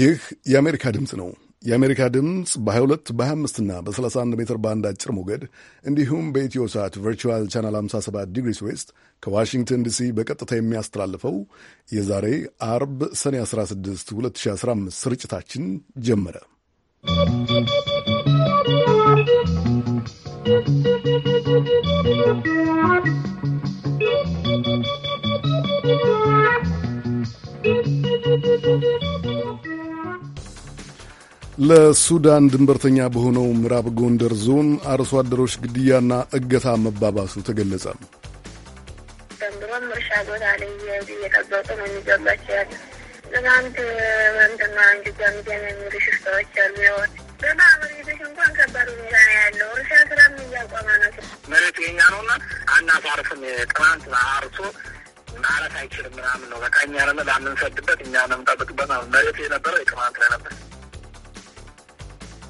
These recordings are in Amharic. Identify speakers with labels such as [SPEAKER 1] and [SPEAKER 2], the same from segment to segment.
[SPEAKER 1] ይህ የአሜሪካ ድምፅ ነው። የአሜሪካ ድምፅ በ22 በ25ና በ31 ሜትር ባንድ አጭር ሞገድ እንዲሁም በኢትዮ ሰዓት ቨርቹዋል ቻናል 57 ዲግሪስ ዌስት ከዋሽንግተን ዲሲ በቀጥታ የሚያስተላልፈው የዛሬ አርብ ሰኔ 16 2015 ስርጭታችን ጀመረ።
[SPEAKER 2] ¶¶
[SPEAKER 1] ለሱዳን ድንበርተኛ በሆነው ምዕራብ ጎንደር ዞን አርሶ አደሮች ግድያና እገታ መባባሱ ተገለጸ።
[SPEAKER 2] ዘንድሮም እርሻ ቦታ ላይ እየጠበቁ ነው የሚገባቸው ያለ ትናንት የሚሉ ሽፍታዎች አሉ የኛ ነውና አርሶ አይችልም ምናምን ነው በቃ እኛ ለምንሰድበት እኛ ለምንጠብቅበት መሬቱ የነበረው የቅማንት ላይ ነበር።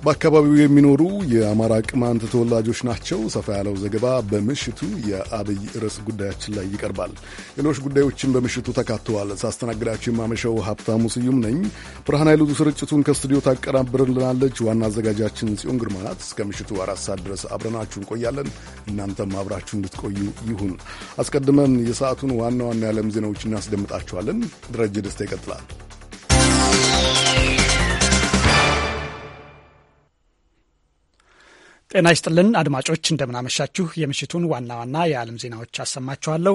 [SPEAKER 1] በአካባቢው የሚኖሩ የአማራ ቅማንት ተወላጆች ናቸው። ሰፋ ያለው ዘገባ በምሽቱ የአብይ ርዕስ ጉዳያችን ላይ ይቀርባል። ሌሎች ጉዳዮችን በምሽቱ ተካተዋል። ሳስተናግዳችሁ የማመሻው ሀብታሙ ስዩም ነኝ። ብርሃን ኃይሉ ስርጭቱን ከስቱዲዮ ታቀናብርልናለች። ዋና አዘጋጃችን ጽዮን ግርማ ናት። እስከ ምሽቱ አራት ሰዓት ድረስ አብረናችሁ እንቆያለን። እናንተም አብራችሁ እንድትቆዩ ይሁን። አስቀድመን የሰዓቱን ዋና ዋና የዓለም ዜናዎች እናስደምጣችኋለን። ደረጀ ደስታ ይቀጥላል።
[SPEAKER 3] ጤና ይስጥልን አድማጮች፣ እንደምናመሻችሁ። የምሽቱን ዋና ዋና የዓለም ዜናዎች አሰማችኋለሁ።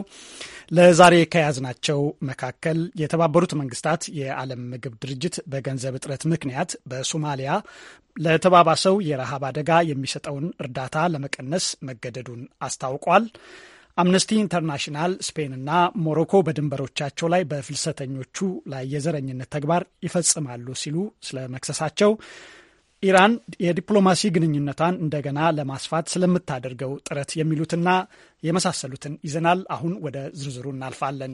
[SPEAKER 3] ለዛሬ ከያዝናቸው መካከል የተባበሩት መንግስታት የዓለም ምግብ ድርጅት በገንዘብ እጥረት ምክንያት በሶማሊያ ለተባባሰው የረሃብ አደጋ የሚሰጠውን እርዳታ ለመቀነስ መገደዱን አስታውቋል። አምነስቲ ኢንተርናሽናል ስፔንና ሞሮኮ በድንበሮቻቸው ላይ በፍልሰተኞቹ ላይ የዘረኝነት ተግባር ይፈጽማሉ ሲሉ ስለ መክሰሳቸው ኢራን የዲፕሎማሲ ግንኙነቷን እንደገና ለማስፋት ስለምታደርገው ጥረት የሚሉትና የመሳሰሉትን ይዘናል። አሁን ወደ ዝርዝሩ እናልፋለን።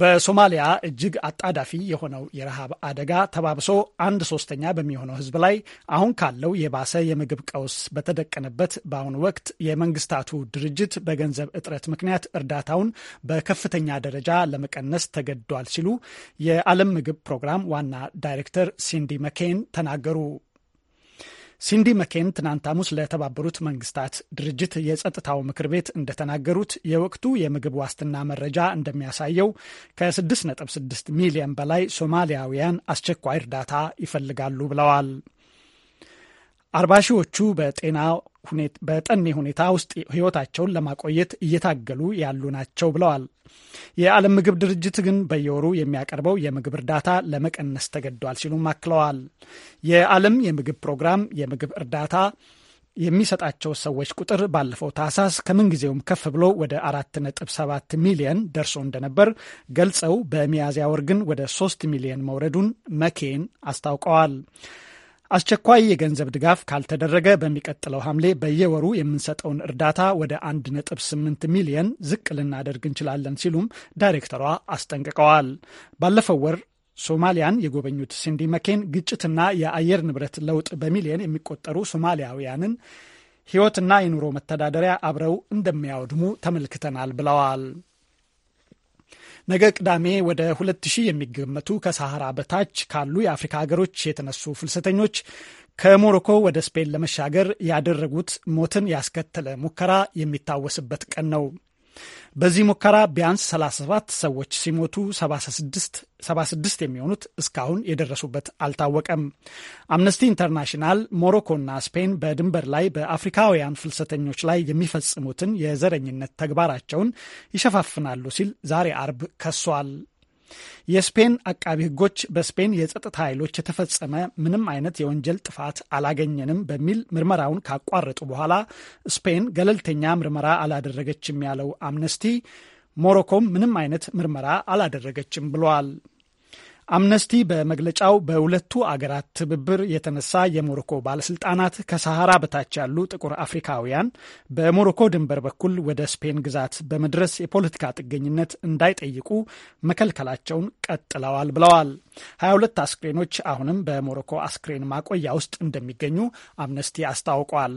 [SPEAKER 3] በሶማሊያ እጅግ አጣዳፊ የሆነው የረሃብ አደጋ ተባብሶ አንድ ሶስተኛ በሚሆነው ሕዝብ ላይ አሁን ካለው የባሰ የምግብ ቀውስ በተደቀነበት በአሁኑ ወቅት የመንግስታቱ ድርጅት በገንዘብ እጥረት ምክንያት እርዳታውን በከፍተኛ ደረጃ ለመቀነስ ተገዷል ሲሉ የዓለም ምግብ ፕሮግራም ዋና ዳይሬክተር ሲንዲ መኬን ተናገሩ። ሲንዲ መኬን ትናንት ሐሙስ ለተባበሩት መንግስታት ድርጅት የጸጥታው ምክር ቤት እንደተናገሩት የወቅቱ የምግብ ዋስትና መረጃ እንደሚያሳየው ከ6.6 ሚሊዮን በላይ ሶማሊያውያን አስቸኳይ እርዳታ ይፈልጋሉ ብለዋል። አርባ ሺዎቹ በጤና በጠኔ ሁኔታ ውስጥ ህይወታቸውን ለማቆየት እየታገሉ ያሉ ናቸው ብለዋል። የዓለም ምግብ ድርጅት ግን በየወሩ የሚያቀርበው የምግብ እርዳታ ለመቀነስ ተገዷል ሲሉም አክለዋል። የዓለም የምግብ ፕሮግራም የምግብ እርዳታ የሚሰጣቸው ሰዎች ቁጥር ባለፈው ታህሳስ ከምንጊዜውም ከፍ ብሎ ወደ 4.7 ሚሊየን ደርሶ እንደነበር ገልጸው በሚያዝያ ወር ግን ወደ 3 ሚሊየን መውረዱን መኬን አስታውቀዋል። አስቸኳይ የገንዘብ ድጋፍ ካልተደረገ በሚቀጥለው ሐምሌ በየወሩ የምንሰጠውን እርዳታ ወደ 1.8 ሚሊየን ዝቅ ልናደርግ እንችላለን ሲሉም ዳይሬክተሯ አስጠንቅቀዋል። ባለፈው ወር ሶማሊያን የጎበኙት ሲንዲ መኬን ግጭትና የአየር ንብረት ለውጥ በሚሊየን የሚቆጠሩ ሶማሊያውያንን ሕይወትና የኑሮ መተዳደሪያ አብረው እንደሚያወድሙ ተመልክተናል ብለዋል። ነገ ቅዳሜ ወደ 2000 የሚገመቱ ከሳሐራ በታች ካሉ የአፍሪካ ሀገሮች የተነሱ ፍልሰተኞች ከሞሮኮ ወደ ስፔን ለመሻገር ያደረጉት ሞትን ያስከተለ ሙከራ የሚታወስበት ቀን ነው። በዚህ ሙከራ ቢያንስ 37 ሰዎች ሲሞቱ 76 የሚሆኑት እስካሁን የደረሱበት አልታወቀም። አምነስቲ ኢንተርናሽናል ሞሮኮና ስፔን በድንበር ላይ በአፍሪካውያን ፍልሰተኞች ላይ የሚፈጽሙትን የዘረኝነት ተግባራቸውን ይሸፋፍናሉ ሲል ዛሬ አርብ ከሷል። የስፔን አቃቢ ህጎች በስፔን የጸጥታ ኃይሎች የተፈጸመ ምንም አይነት የወንጀል ጥፋት አላገኘንም በሚል ምርመራውን ካቋረጡ በኋላ ስፔን ገለልተኛ ምርመራ አላደረገችም ያለው አምነስቲ ሞሮኮም ምንም አይነት ምርመራ አላደረገችም ብለዋል። አምነስቲ በመግለጫው በሁለቱ አገራት ትብብር የተነሳ የሞሮኮ ባለስልጣናት ከሰሃራ በታች ያሉ ጥቁር አፍሪካውያን በሞሮኮ ድንበር በኩል ወደ ስፔን ግዛት በመድረስ የፖለቲካ ጥገኝነት እንዳይጠይቁ መከልከላቸውን ቀጥለዋል ብለዋል። 22 አስክሬኖች አሁንም በሞሮኮ አስክሬን ማቆያ ውስጥ እንደሚገኙ አምነስቲ አስታውቋል።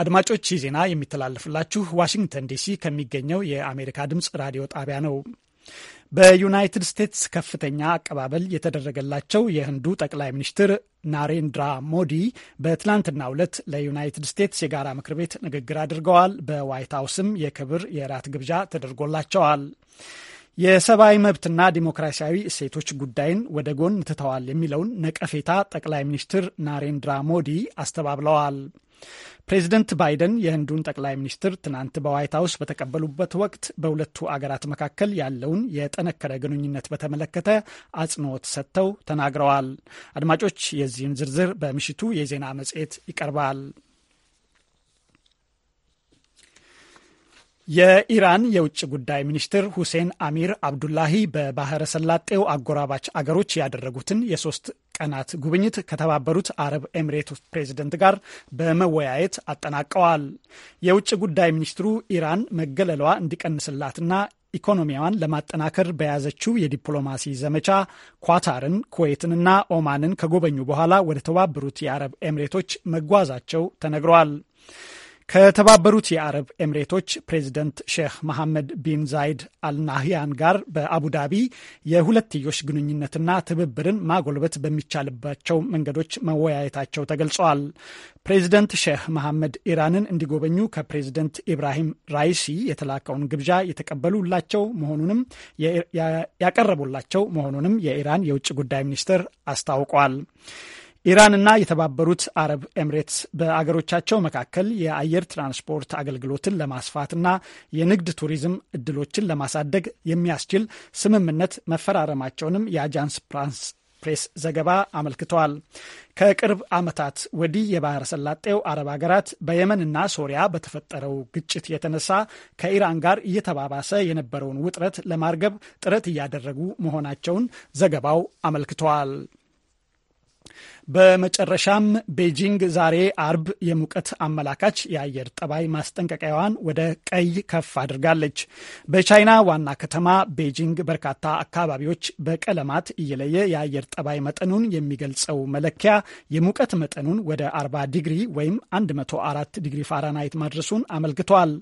[SPEAKER 3] አድማጮች ይህ ዜና የሚተላለፍላችሁ ዋሽንግተን ዲሲ ከሚገኘው የአሜሪካ ድምፅ ራዲዮ ጣቢያ ነው። በዩናይትድ ስቴትስ ከፍተኛ አቀባበል የተደረገላቸው የህንዱ ጠቅላይ ሚኒስትር ናሬንድራ ሞዲ በትላንትናው ዕለት ለዩናይትድ ስቴትስ የጋራ ምክር ቤት ንግግር አድርገዋል። በዋይት ሀውስም የክብር የራት ግብዣ ተደርጎላቸዋል። የሰብአዊ መብትና ዲሞክራሲያዊ እሴቶች ጉዳይን ወደ ጎን ትተዋል የሚለውን ነቀፌታ ጠቅላይ ሚኒስትር ናሬንድራ ሞዲ አስተባብለዋል። ፕሬዚደንት ባይደን የህንዱን ጠቅላይ ሚኒስትር ትናንት በዋይት ሀውስ በተቀበሉበት ወቅት በሁለቱ አገራት መካከል ያለውን የጠነከረ ግንኙነት በተመለከተ አጽንኦት ሰጥተው ተናግረዋል። አድማጮች፣ የዚህን ዝርዝር በምሽቱ የዜና መጽሔት ይቀርባል። የኢራን የውጭ ጉዳይ ሚኒስትር ሁሴን አሚር አብዱላሂ በባህረ ሰላጤው አጎራባች አገሮች ያደረጉትን የሶስት ቀናት ጉብኝት ከተባበሩት አረብ ኤምሬቶች ፕሬዝደንት ጋር በመወያየት አጠናቀዋል። የውጭ ጉዳይ ሚኒስትሩ ኢራን መገለሏ እንዲቀንስላትና ኢኮኖሚያዋን ለማጠናከር በያዘችው የዲፕሎማሲ ዘመቻ ኳታርን፣ ኩዌትንና ኦማንን ከጎበኙ በኋላ ወደ ተባበሩት የአረብ ኤምሬቶች መጓዛቸው ተነግረዋል። ከተባበሩት የአረብ ኤምሬቶች ፕሬዚደንት ሼህ መሐመድ ቢን ዛይድ አልናህያን ጋር በአቡዳቢ የሁለትዮሽ ግንኙነትና ትብብርን ማጎልበት በሚቻልባቸው መንገዶች መወያየታቸው ተገልጸዋል። ፕሬዚደንት ሼህ መሐመድ ኢራንን እንዲጎበኙ ከፕሬዚደንት ኢብራሂም ራይሲ የተላከውን ግብዣ የተቀበሉላቸው መሆኑንም ያቀረቡላቸው መሆኑንም የኢራን የውጭ ጉዳይ ሚኒስትር አስታውቋል። ኢራንና የተባበሩት አረብ ኤምሬትስ በአገሮቻቸው መካከል የአየር ትራንስፖርት አገልግሎትን ለማስፋትና የንግድ ቱሪዝም እድሎችን ለማሳደግ የሚያስችል ስምምነት መፈራረማቸውንም የአጃንስ ፍራንስ ፕሬስ ዘገባ አመልክተዋል። ከቅርብ ዓመታት ወዲህ የባህረ ሰላጤው አረብ ሀገራት በየመንና ሶሪያ በተፈጠረው ግጭት የተነሳ ከኢራን ጋር እየተባባሰ የነበረውን ውጥረት ለማርገብ ጥረት እያደረጉ መሆናቸውን ዘገባው አመልክተዋል። በመጨረሻም ቤጂንግ ዛሬ አርብ የሙቀት አመላካች የአየር ጠባይ ማስጠንቀቂያዋን ወደ ቀይ ከፍ አድርጋለች። በቻይና ዋና ከተማ ቤጂንግ በርካታ አካባቢዎች በቀለማት እየለየ የአየር ጠባይ መጠኑን የሚገልጸው መለኪያ የሙቀት መጠኑን ወደ 40 ዲግሪ ወይም 104 ዲግሪ ፋራናይት ማድረሱን አመልክቷል።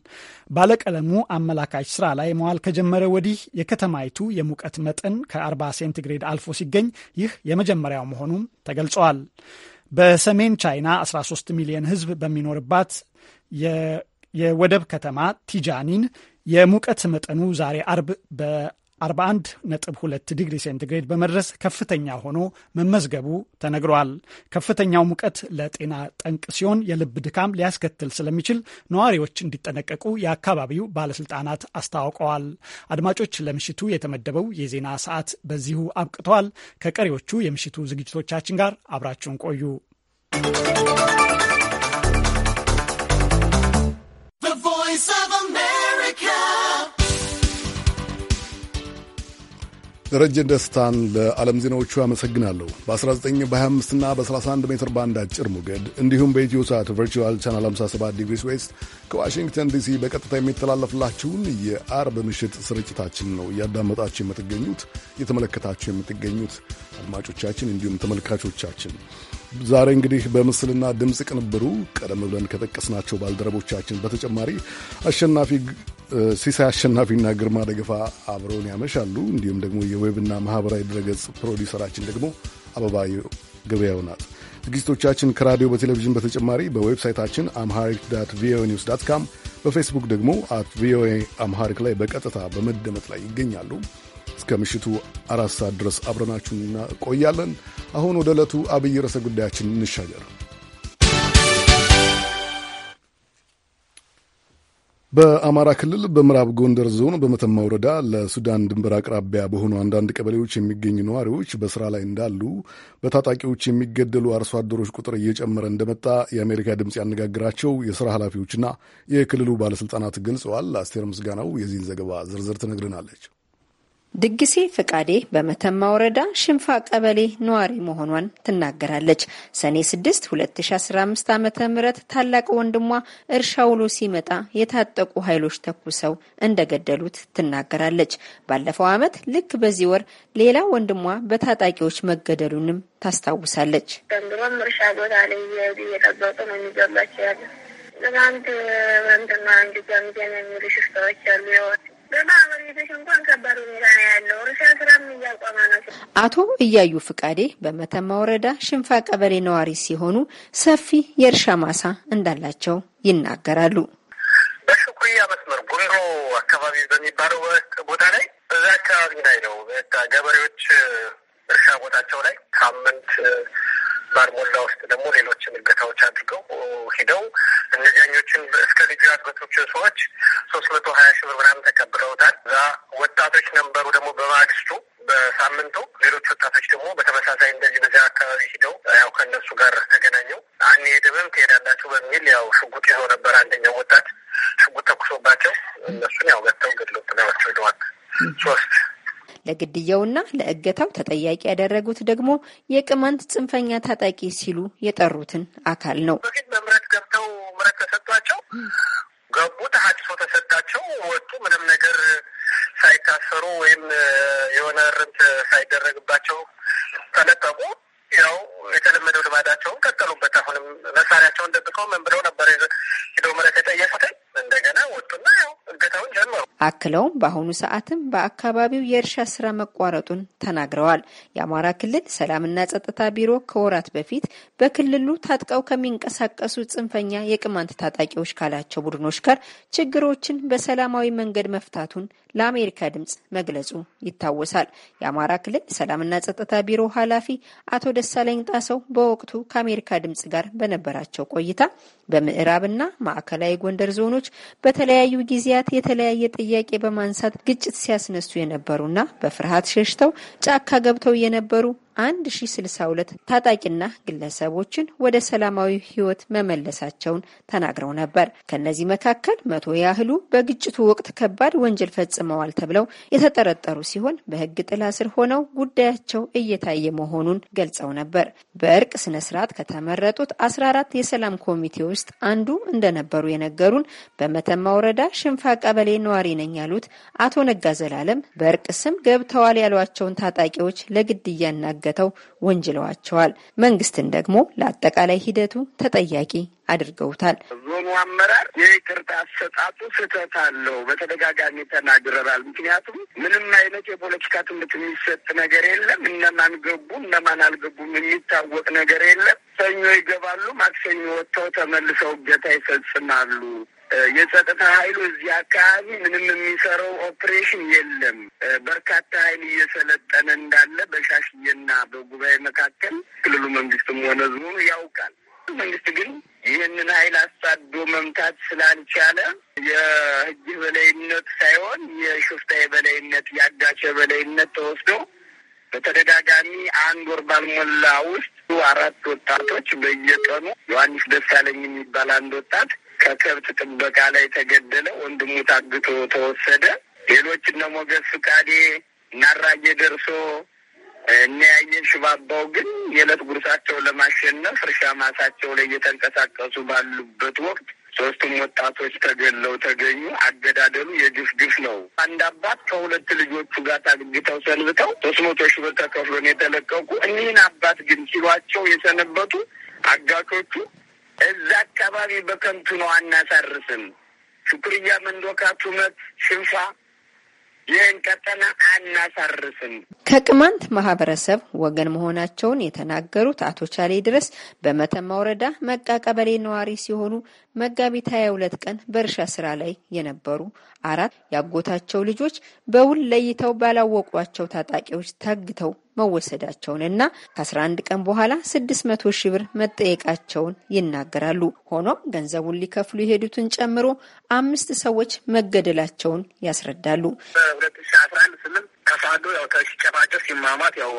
[SPEAKER 3] ባለቀለሙ አመላካች ስራ ላይ መዋል ከጀመረ ወዲህ የከተማይቱ የሙቀት መጠን ከ40 ሴንቲግሬድ አልፎ ሲገኝ ይህ የመጀመሪያው መሆኑም ተገልጿል። ገልጿል። በሰሜን ቻይና 13 ሚሊዮን ሕዝብ በሚኖርባት የወደብ ከተማ ቲጃኒን የሙቀት መጠኑ ዛሬ አርብ 41.2 ዲግሪ ሴንቲግሬድ በመድረስ ከፍተኛ ሆኖ መመዝገቡ ተነግሯል። ከፍተኛው ሙቀት ለጤና ጠንቅ ሲሆን የልብ ድካም ሊያስከትል ስለሚችል ነዋሪዎች እንዲጠነቀቁ የአካባቢው ባለስልጣናት አስታውቀዋል። አድማጮች፣ ለምሽቱ የተመደበው የዜና ሰዓት በዚሁ አብቅተዋል። ከቀሪዎቹ የምሽቱ ዝግጅቶቻችን ጋር አብራችሁን ቆዩ።
[SPEAKER 1] ደረጀን ደስታን ለዓለም ዜናዎቹ አመሰግናለሁ። በ19 በ25 እና በ31 ሜትር ባንድ አጭር ሞገድ እንዲሁም በኢትዮ ሰዓት ቨርቹዋል ቻናል 57 ዲግሪስ ዌስት ከዋሽንግተን ዲሲ በቀጥታ የሚተላለፍላችሁን የአርብ ምሽት ስርጭታችን ነው እያዳመጣችሁ የምትገኙት እየተመለከታችሁ የምትገኙት አድማጮቻችን፣ እንዲሁም ተመልካቾቻችን ዛሬ እንግዲህ በምስልና ድምፅ ቅንብሩ ቀደም ብለን ከጠቀስናቸው ባልደረቦቻችን በተጨማሪ አሸናፊ ሲሳይ አሸናፊና ግርማ ደገፋ አብረውን ያመሻሉ። እንዲሁም ደግሞ የዌብና ማህበራዊ ድረገጽ ፕሮዲውሰራችን ደግሞ አበባ ገበያው ናት። ዝግጅቶቻችን ከራዲዮ በቴሌቪዥን በተጨማሪ በዌብሳይታችን አምሃሪክ ዳት ቪኦኤ ኒውስ ዳት ካም፣ በፌስቡክ ደግሞ አት ቪኦኤ አምሃሪክ ላይ በቀጥታ በመደመጥ ላይ ይገኛሉ። እስከ ምሽቱ አራት ሰዓት ድረስ አብረናችሁ እናቆያለን። አሁን ወደ ዕለቱ አብይ ርዕሰ ጉዳያችን እንሻገር። በአማራ ክልል በምዕራብ ጎንደር ዞን በመተማ ወረዳ ለሱዳን ድንበር አቅራቢያ በሆኑ አንዳንድ ቀበሌዎች የሚገኙ ነዋሪዎች በስራ ላይ እንዳሉ በታጣቂዎች የሚገደሉ አርሶ አደሮች ቁጥር እየጨመረ እንደመጣ የአሜሪካ ድምፅ ያነጋግራቸው የስራ ኃላፊዎችና የክልሉ ባለስልጣናት ገልጸዋል። አስቴር ምስጋናው የዚህን ዘገባ ዝርዝር ትነግርናለች።
[SPEAKER 4] ድግሴ ፈቃዴ በመተማ ወረዳ ሽንፋ ቀበሌ ነዋሪ መሆኗን ትናገራለች። ሰኔ 6 2015 ዓ ም ታላቅ ወንድሟ እርሻ ውሎ ሲመጣ የታጠቁ ኃይሎች ተኩሰው እንደገደሉት ትናገራለች። ባለፈው ዓመት ልክ በዚህ ወር ሌላ ወንድሟ በታጣቂዎች መገደሉንም ታስታውሳለች።
[SPEAKER 2] ዘንድሮም እርሻ ቦታ ላይ እየሄዱ እየጠበቁ ነው የሚገባቸው ያለ ትናንት ምንትና እንግዛ የሚሉ ሽፍታዎች ያሉ
[SPEAKER 4] አቶ እያዩ ፍቃዴ በመተማ ወረዳ ሽንፋ ቀበሌ ነዋሪ ሲሆኑ ሰፊ የእርሻ ማሳ እንዳላቸው ይናገራሉ። በሽኩያ መስመር ጉንዶ አካባቢ በሚባለው ቦታ ላይ እዛ አካባቢ ላይ ነው
[SPEAKER 2] ገበሬዎች እርሻ ቦታቸው ላይ ሳምንት ባርሞላ ውስጥ ደግሞ ሌሎችን እገታዎች አድርገው ሂደው እነዚያኞችን እስከ ልጁ ያገቱትን ሰዎች ሶስት መቶ ሀያ ሺህ ብር ምናምን ተቀብለውታል። እዛ ወጣቶች ነበሩ ደግሞ በማግስቱ በሳምንቱ ሌሎች ወጣቶች ደግሞ በተመሳሳይ እንደዚህ በዚያ አካባቢ ሂደው ያው ከእነሱ ጋር ተገናኘው አንሄድምም ትሄዳላችሁ በሚል ያው ሽጉጥ ይዞ ነበር አንደኛው ወጣት ሽጉጥ ተኩሶባቸው እነሱን ያው ገተው ገድለው ጥለዋቸው ሂደዋል። ሶስት
[SPEAKER 4] ለግድያውና ለእገታው ተጠያቂ ያደረጉት ደግሞ የቅማንት ጽንፈኛ ታጣቂ ሲሉ የጠሩትን አካል ነው። በፊት መምረት ገብተው ምረት ተሰጧቸው ገቡ፣ ተሀድሶ ተሰጣቸው፣ ወጡ። ምንም ነገር ሳይታሰሩ ወይም
[SPEAKER 2] የሆነ እርምት ሳይደረግባቸው ተለቀቁ። ያው የተለመደው ልማዳቸውን
[SPEAKER 4] ቀጠሉበት። አሁንም
[SPEAKER 2] መሳሪያቸውን ደብቀው
[SPEAKER 4] ምን ብለው ነበር አክለውም በአሁኑ ሰዓትም በአካባቢው የእርሻ ስራ መቋረጡን ተናግረዋል። የአማራ ክልል ሰላምና ጸጥታ ቢሮ ከወራት በፊት በክልሉ ታጥቀው ከሚንቀሳቀሱ ጽንፈኛ የቅማንት ታጣቂዎች ካላቸው ቡድኖች ጋር ችግሮችን በሰላማዊ መንገድ መፍታቱን ለአሜሪካ ድምጽ መግለጹ ይታወሳል። የአማራ ክልል ሰላምና ጸጥታ ቢሮ ኃላፊ አቶ ደሳለኝ ጣሰው በወቅቱ ከአሜሪካ ድምጽ ጋር በነበራቸው ቆይታ በምዕራብና ማዕከላዊ ጎንደር ዞኖች በተለያዩ ጊዜያት የተለያየ ጥያቄ ጥያቄ በማንሳት ግጭት ሲያስነሱ የነበሩና በፍርሃት ሸሽተው ጫካ ገብተው የነበሩ አንድ ሺ ስልሳ ሁለት ታጣቂና ግለሰቦችን ወደ ሰላማዊ ህይወት መመለሳቸውን ተናግረው ነበር። ከእነዚህ መካከል መቶ ያህሉ በግጭቱ ወቅት ከባድ ወንጀል ፈጽመዋል ተብለው የተጠረጠሩ ሲሆን በህግ ጥላ ስር ሆነው ጉዳያቸው እየታየ መሆኑን ገልጸው ነበር። በእርቅ ስነ ስርዓት ከተመረጡት አስራ አራት የሰላም ኮሚቴ ውስጥ አንዱ እንደነበሩ የነገሩን በመተማ ወረዳ ሽንፋ ቀበሌ ነዋሪ ነኝ ያሉት አቶ ነጋ ዘላለም በእርቅ ስም ገብተዋል ያሏቸውን ታጣቂዎች ለግድያና እንዳገተው ወንጅለዋቸዋል። መንግስትን ደግሞ ለአጠቃላይ ሂደቱ ተጠያቂ አድርገውታል።
[SPEAKER 2] ዞኑ አመራር የይቅርታ አሰጣጡ ስህተት አለው በተደጋጋሚ ተናግረናል። ምክንያቱም ምንም አይነት የፖለቲካ ትምህርት የሚሰጥ ነገር የለም። እነማን ገቡ እነማን አልገቡም የሚታወቅ ነገር የለም። ሰኞ ይገባሉ፣ ማክሰኞ ወጥተው ተመልሰው እገታ ይፈጽማሉ። የጸጥታ ኃይሉ እዚህ አካባቢ ምንም የሚሰራው ኦፕሬሽን የለም። በርካታ ኃይል እየሰለጠነ እንዳለ በሻሽዬና በጉባኤ መካከል ክልሉ መንግስትም ሆነ ህዝቡ ያውቃል። መንግስት ግን ይህንን ኃይል አሳዶ መምታት ስላልቻለ የህግ የበላይነት ሳይሆን የሽፍታ የበላይነት ያጋቸ የበላይነት ተወስዶ በተደጋጋሚ አንድ ወር ባልሞላ ውስጥ አራት ወጣቶች በየቀኑ ዮሐንስ ደሳለኝ የሚባል አንድ ወጣት ከከብት ጥበቃ ላይ ተገደለ። ወንድሙ ታግቶ ተወሰደ። ሌሎች እነ ሞገስ ፍቃዴ እናራጌ ደርሶ እናያየን ሽባባው ግን የዕለት ጉርሳቸው ለማሸነፍ እርሻ ማሳቸው ላይ እየተንቀሳቀሱ ባሉበት ወቅት ሶስቱም ወጣቶች ተገለው ተገኙ። አገዳደሉ የግፍ ግፍ ነው። አንድ አባት ከሁለት ልጆቹ ጋር ታግተው ሰንብተው ሶስት መቶ ሺህ ብር ተከፍሎን የተለቀቁ እኒህን አባት ግን ሲሏቸው የሰነበቱ አጋቾቹ እዛ አካባቢ በከንቱ ነው አናሳርስም። ሽኩርያ መንዶካ፣ ቱመት፣ ሽንፋ ይህን ቀጠና አናሳርስም።
[SPEAKER 4] ከቅማንት ማህበረሰብ ወገን መሆናቸውን የተናገሩት አቶ ቻሌ ድረስ በመተማ ወረዳ መቃ ቀበሌ ነዋሪ ሲሆኑ መጋቢት ሀያ ሁለት ቀን በእርሻ ስራ ላይ የነበሩ አራት ያጎታቸው ልጆች በውል ለይተው ባላወቋቸው ታጣቂዎች ታግተው መወሰዳቸውንና ከ11 ቀን በኋላ 600 ሺህ ብር መጠየቃቸውን ይናገራሉ። ሆኖም ገንዘቡን ሊከፍሉ የሄዱትን ጨምሮ አምስት ሰዎች መገደላቸውን ያስረዳሉ። በ2011
[SPEAKER 2] ስምንት ከፋዶ ያው ሲጨፋጨፍ ሲማማት ያው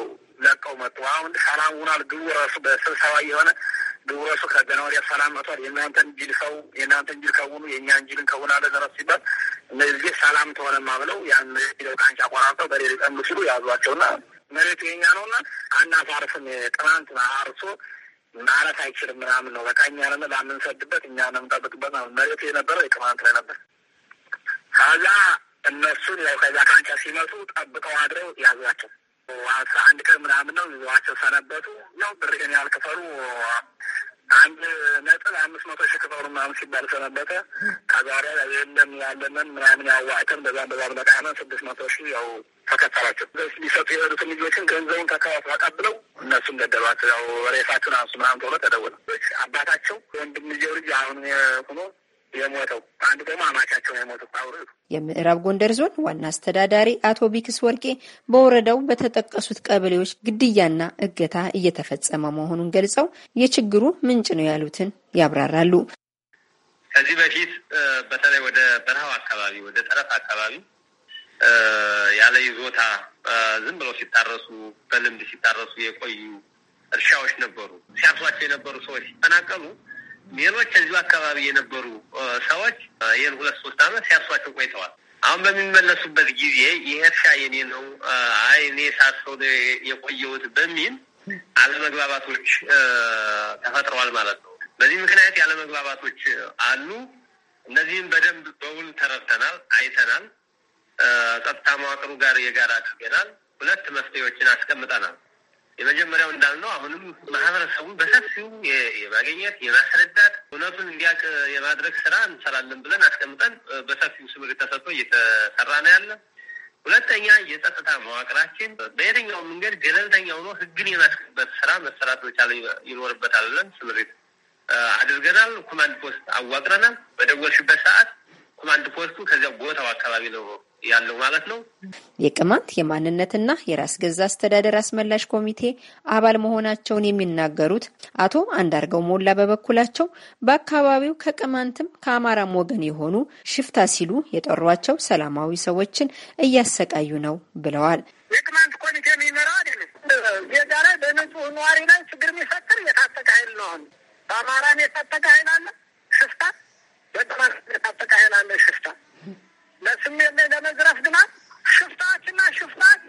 [SPEAKER 2] ለቀው መጡ። አሁን ሰላም ሆኗል። ግውረሱ በስብሰባ የሆነ ግውረሱ ከገና ወዲያ ሰላም መቷል። የእናንተ እንጅል ሰው የእናንተ እንጅል ከውኑ የእኛ እንጂልን ከውናለን ረሱ ሲባል እነዚህ ሰላም ተሆነማ ብለው ያን ሄደው ቃንጫ አቆራርጠው በሌ ቀም ሲሉ ያዟቸውና መሬቱ የኛ ነውና አናሳርስም ቅማንት አርሶ ማለት አይችልም ምናምን ነው። በቃ እኛ ነን ላምንሰድበት እኛ ነምጠብቅበት መሬቱ የነበረው የቅማንት ላይ ነበር። ከዛ እነሱን ያው ከዛ ካንጫ ሲመቱ ጠብቀው አድረው ያዟቸው። አስራ አንድ ቀን ምናምን ነው ይዘዋቸው ሰነበቱ። ያው ብሬን ያልከፈሉ አንድ ነጥብ አምስት መቶ ሺህ ክፈሉ ምናምን ሲባል ሰነበተ። ከዛሬ የለም ያለንን ምናምን ያዋዕተን በዛም በዛም በቃነ ስድስት መቶ ሺህ ያው ተከተላቸው ሊሰጡ የሄዱትን ልጆችን ገንዘቡን ተከባ አቀብለው እነሱም ደደባት። ያው ሬሳችን አንሱ ምናምን ተብሎ ተደወለ። አባታቸው ወንድምየው ልጅ አሁን ሆኖ የሞተው አንድ ደግሞ
[SPEAKER 4] አማቻቸው ነው የሞተው። የምዕራብ ጎንደር ዞን ዋና አስተዳዳሪ አቶ ቢክስ ወርቄ በወረዳው በተጠቀሱት ቀበሌዎች ግድያና እገታ እየተፈጸመ መሆኑን ገልጸው የችግሩ ምንጭ ነው ያሉትን ያብራራሉ። ከዚህ
[SPEAKER 5] በፊት በተለይ ወደ በረሃው አካባቢ ወደ ጠረፍ አካባቢ ያለ ይዞታ ዝም ብለው ሲታረሱ በልምድ ሲታረሱ የቆዩ እርሻዎች ነበሩ። ሲያርሷቸው የነበሩ ሰዎች ሲፈናቀሉ ሌሎች እዚሁ አካባቢ የነበሩ ሰዎች ይህን ሁለት ሶስት ዓመት ሲያርሷቸው ቆይተዋል። አሁን በሚመለሱበት ጊዜ ይህ እርሻ የኔ ነው፣ አይ እኔ ሳርሰው የቆየሁት በሚል አለመግባባቶች ተፈጥረዋል ማለት ነው። በዚህ ምክንያት ያለመግባባቶች አሉ። እነዚህም በደንብ በውል ተረድተናል፣ አይተናል። ጸጥታ መዋቅሩ ጋር የጋራ አድርገናል። ሁለት መፍትሄዎችን አስቀምጠናል። የመጀመሪያው እንዳልነው አሁንም ማህበረሰቡን በሰፊው የማግኘት የማስረዳት እውነቱን እንዲያውቅ የማድረግ ስራ እንሰራለን ብለን አስቀምጠን በሰፊው ስምሪት ተሰጥቶ እየተሰራ ነው ያለ። ሁለተኛ የጸጥታ መዋቅራችን በየትኛው መንገድ ገለልተኛ ሆኖ ህግን የማስከበር ስራ መሰራት መቻል ይኖርበታል ብለን ስምሪት አድርገናል። ኮማንድ ፖስት አዋቅረናል። በደወልሽበት ሰዓት ኮማንድ ፖስቱ ከዚያ ቦታው
[SPEAKER 4] አካባቢ ነው ያለው ማለት ነው። የቅማንት የማንነትና የራስ ገዛ አስተዳደር አስመላሽ ኮሚቴ አባል መሆናቸውን የሚናገሩት አቶ አንዳርገው ሞላ በበኩላቸው በአካባቢው ከቅማንትም ከአማራም ወገን የሆኑ ሽፍታ ሲሉ የጠሯቸው ሰላማዊ ሰዎችን እያሰቃዩ ነው ብለዋል። የቅማንት ኮሚቴ የሚመራ አይደለም። ዜጋ ላይ በንጹህ ነዋሪ ላይ ችግር የሚፈጥር የታጠቀ ኃይል
[SPEAKER 2] ነው። አሁን በአማራም የታጠቀ ኃይል አለ ሽፍታ፣ በቅማንት የታጠቀ ኃይል አለ ሽፍታ ለስሜ ለመዝረፍ ግና ሽፍታዎችና ሽፍታት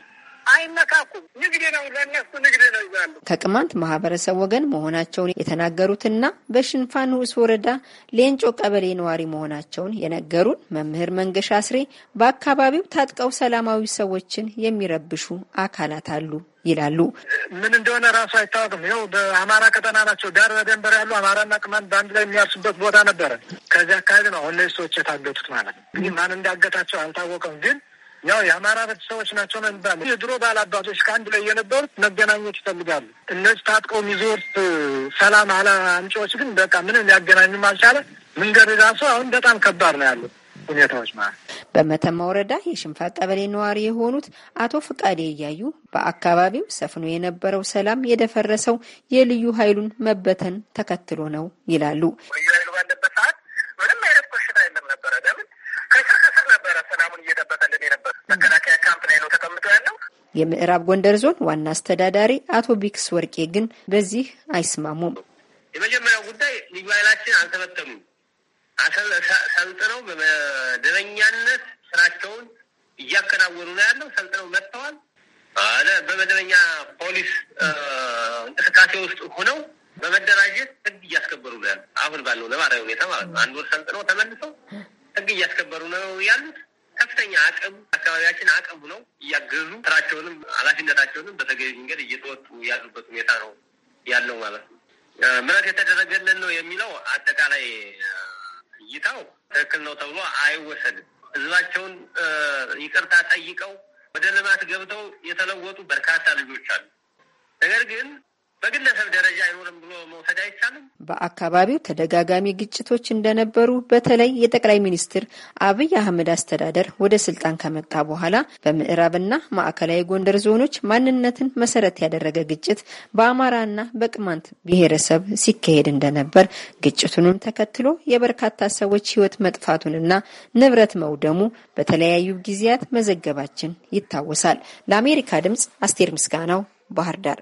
[SPEAKER 6] አይመካኩም። ንግድ ነው፣ ለእነሱ
[SPEAKER 4] ንግድ ነው ይዛሉ። ከቅማንት ማህበረሰብ ወገን መሆናቸውን የተናገሩትና በሽንፋን ንዑስ ወረዳ ሌንጮ ቀበሌ ነዋሪ መሆናቸውን የነገሩን መምህር መንገሻ አስሬ በአካባቢው ታጥቀው ሰላማዊ ሰዎችን የሚረብሹ አካላት አሉ ይላሉ።
[SPEAKER 2] ምን እንደሆነ ራሱ አይታወቅም። ይኸው በአማራ ቀጠና ናቸው። ዳር በደንበር ያሉ አማራና ቅማንት በአንድ ላይ የሚያርሱበት ቦታ ነበረ። ከዚህ አካባቢ ነው አሁን ሰዎች የታገቱት ማለት ነው። ማን እንዳገታቸው አልታወቀም ግን ያው የአማራ ቤተሰቦች ናቸው ነው የሚባሉ የድሮ ባላባቶች ከአንድ ላይ የነበሩት መገናኘት ይፈልጋሉ። እነዚህ ታጥቀው የሚዞሩት ሰላም አላ አምጪዎች ግን በቃ ምንም ሊያገናኙም አልቻለ። መንገድ ራሱ አሁን በጣም ከባድ ነው ያለው ሁኔታዎች ማለት
[SPEAKER 4] በመተማ ወረዳ የሽንፋ ቀበሌ ነዋሪ የሆኑት አቶ ፍቃዴ እያዩ በአካባቢው ሰፍኖ የነበረው ሰላም የደፈረሰው የልዩ ኃይሉን መበተን ተከትሎ ነው ይላሉ። መከላከያ ካምፕ ላይ ነው ተቀምጦ ያለው። የምዕራብ ጎንደር ዞን ዋና አስተዳዳሪ አቶ ቢክስ ወርቄ ግን በዚህ አይስማሙም።
[SPEAKER 5] የመጀመሪያው ጉዳይ ልዩ ኃይላችን አልተበተኑም። ሰልጥነው በመደበኛነት ስራቸውን እያከናወኑ ነው ያለው። ሰልጥነው መጥተዋል። በመደበኛ ፖሊስ እንቅስቃሴ ውስጥ ሆነው በመደራጀት ህግ እያስከበሩ ነው ያሉት። አሁን ባለው ነባራዊ ሁኔታ ማለት ነው። አንድ ወር ሰልጥነው ተመልሰው ህግ እያስከበሩ ነው ያሉት። ከፍተኛ አቅም አካባቢያችን አቅም ነው እያገዙ ስራቸውንም ኃላፊነታቸውንም በተገቢ መንገድ እየተወጡ ያሉበት ሁኔታ ነው ያለው ማለት ነው። ምረት የተደረገልን ነው የሚለው አጠቃላይ እይታው ትክክል ነው ተብሎ አይወሰድም። ህዝባቸውን ይቅርታ ጠይቀው ወደ ልማት ገብተው የተለወጡ
[SPEAKER 4] በርካታ ልጆች አሉ። ነገር ግን በግለሰብ ደረጃ አይኖርም ብሎ መውሰድ አይቻልም። በአካባቢው ተደጋጋሚ ግጭቶች እንደነበሩ በተለይ የጠቅላይ ሚኒስትር አብይ አህመድ አስተዳደር ወደ ስልጣን ከመጣ በኋላ በምዕራብና ማዕከላዊ ጎንደር ዞኖች ማንነትን መሰረት ያደረገ ግጭት በአማራና በቅማንት ብሔረሰብ ሲካሄድ እንደነበር ግጭቱንም ተከትሎ የበርካታ ሰዎች ህይወት መጥፋቱንና ንብረት መውደሙ በተለያዩ ጊዜያት መዘገባችን ይታወሳል። ለአሜሪካ ድምጽ አስቴር ምስጋናው ባህር ዳር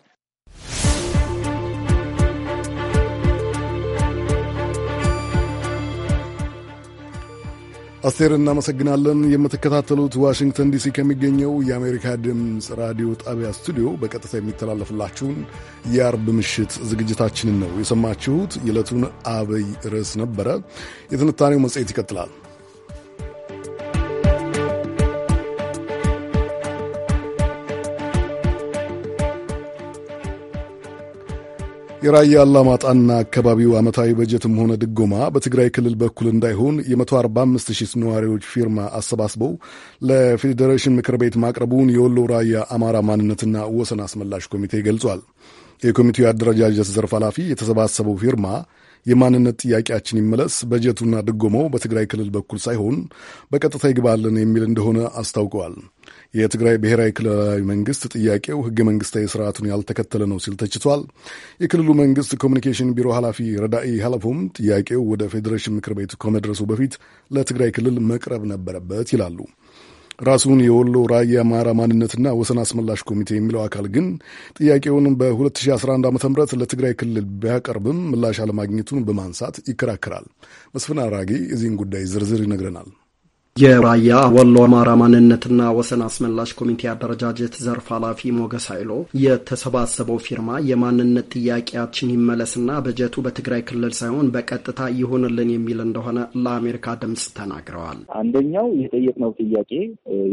[SPEAKER 1] አስቴር እናመሰግናለን። የምትከታተሉት ዋሽንግተን ዲሲ ከሚገኘው የአሜሪካ ድምፅ ራዲዮ ጣቢያ ስቱዲዮ በቀጥታ የሚተላለፍላችሁን የአርብ ምሽት ዝግጅታችንን ነው የሰማችሁት። የዕለቱን አብይ ርዕስ ነበረ። የትንታኔው መጽሔት ይቀጥላል። የራያ አላማጣና አካባቢው ዓመታዊ በጀትም ሆነ ድጎማ በትግራይ ክልል በኩል እንዳይሆን የ145 ሺህ ነዋሪዎች ፊርማ አሰባስበው ለፌዴሬሽን ምክር ቤት ማቅረቡን የወሎ ራያ አማራ ማንነትና ወሰን አስመላሽ ኮሚቴ ገልጿል። የኮሚቴው አደረጃጀት ዘርፍ ኃላፊ የተሰባሰበው ፊርማ የማንነት ጥያቄያችን ይመለስ፣ በጀቱና ድጎማው በትግራይ ክልል በኩል ሳይሆን በቀጥታ ይግባልን የሚል እንደሆነ አስታውቀዋል። የትግራይ ብሔራዊ ክልላዊ መንግስት ጥያቄው ህገ መንግስታዊ ስርዓቱን ያልተከተለ ነው ሲል ተችቷል። የክልሉ መንግስት ኮሚኒኬሽን ቢሮ ኃላፊ ረዳኢ ሀለፎም ጥያቄው ወደ ፌዴሬሽን ምክር ቤት ከመድረሱ በፊት ለትግራይ ክልል መቅረብ ነበረበት ይላሉ። ራሱን የወሎ ራያ አማራ ማንነትና ወሰን አስመላሽ ኮሚቴ የሚለው አካል ግን ጥያቄውን በ2011 ዓ ም ለትግራይ ክልል ቢያቀርብም ምላሽ አለማግኘቱን በማንሳት ይከራከራል። መስፍን አራጌ የዚህን ጉዳይ ዝርዝር ይነግረናል። የራያ ወሎ አማራ ማንነትና ወሰን አስመላሽ ኮሚቴ አደረጃጀት ዘርፍ
[SPEAKER 7] ኃላፊ ሞገስ ኃይሎ የተሰባሰበው ፊርማ የማንነት ጥያቄያችን ይመለስና በጀቱ በትግራይ ክልል ሳይሆን በቀጥታ ይሆንልን የሚል እንደሆነ ለአሜሪካ ድምፅ ተናግረዋል።
[SPEAKER 8] አንደኛው የጠየቅነው ጥያቄ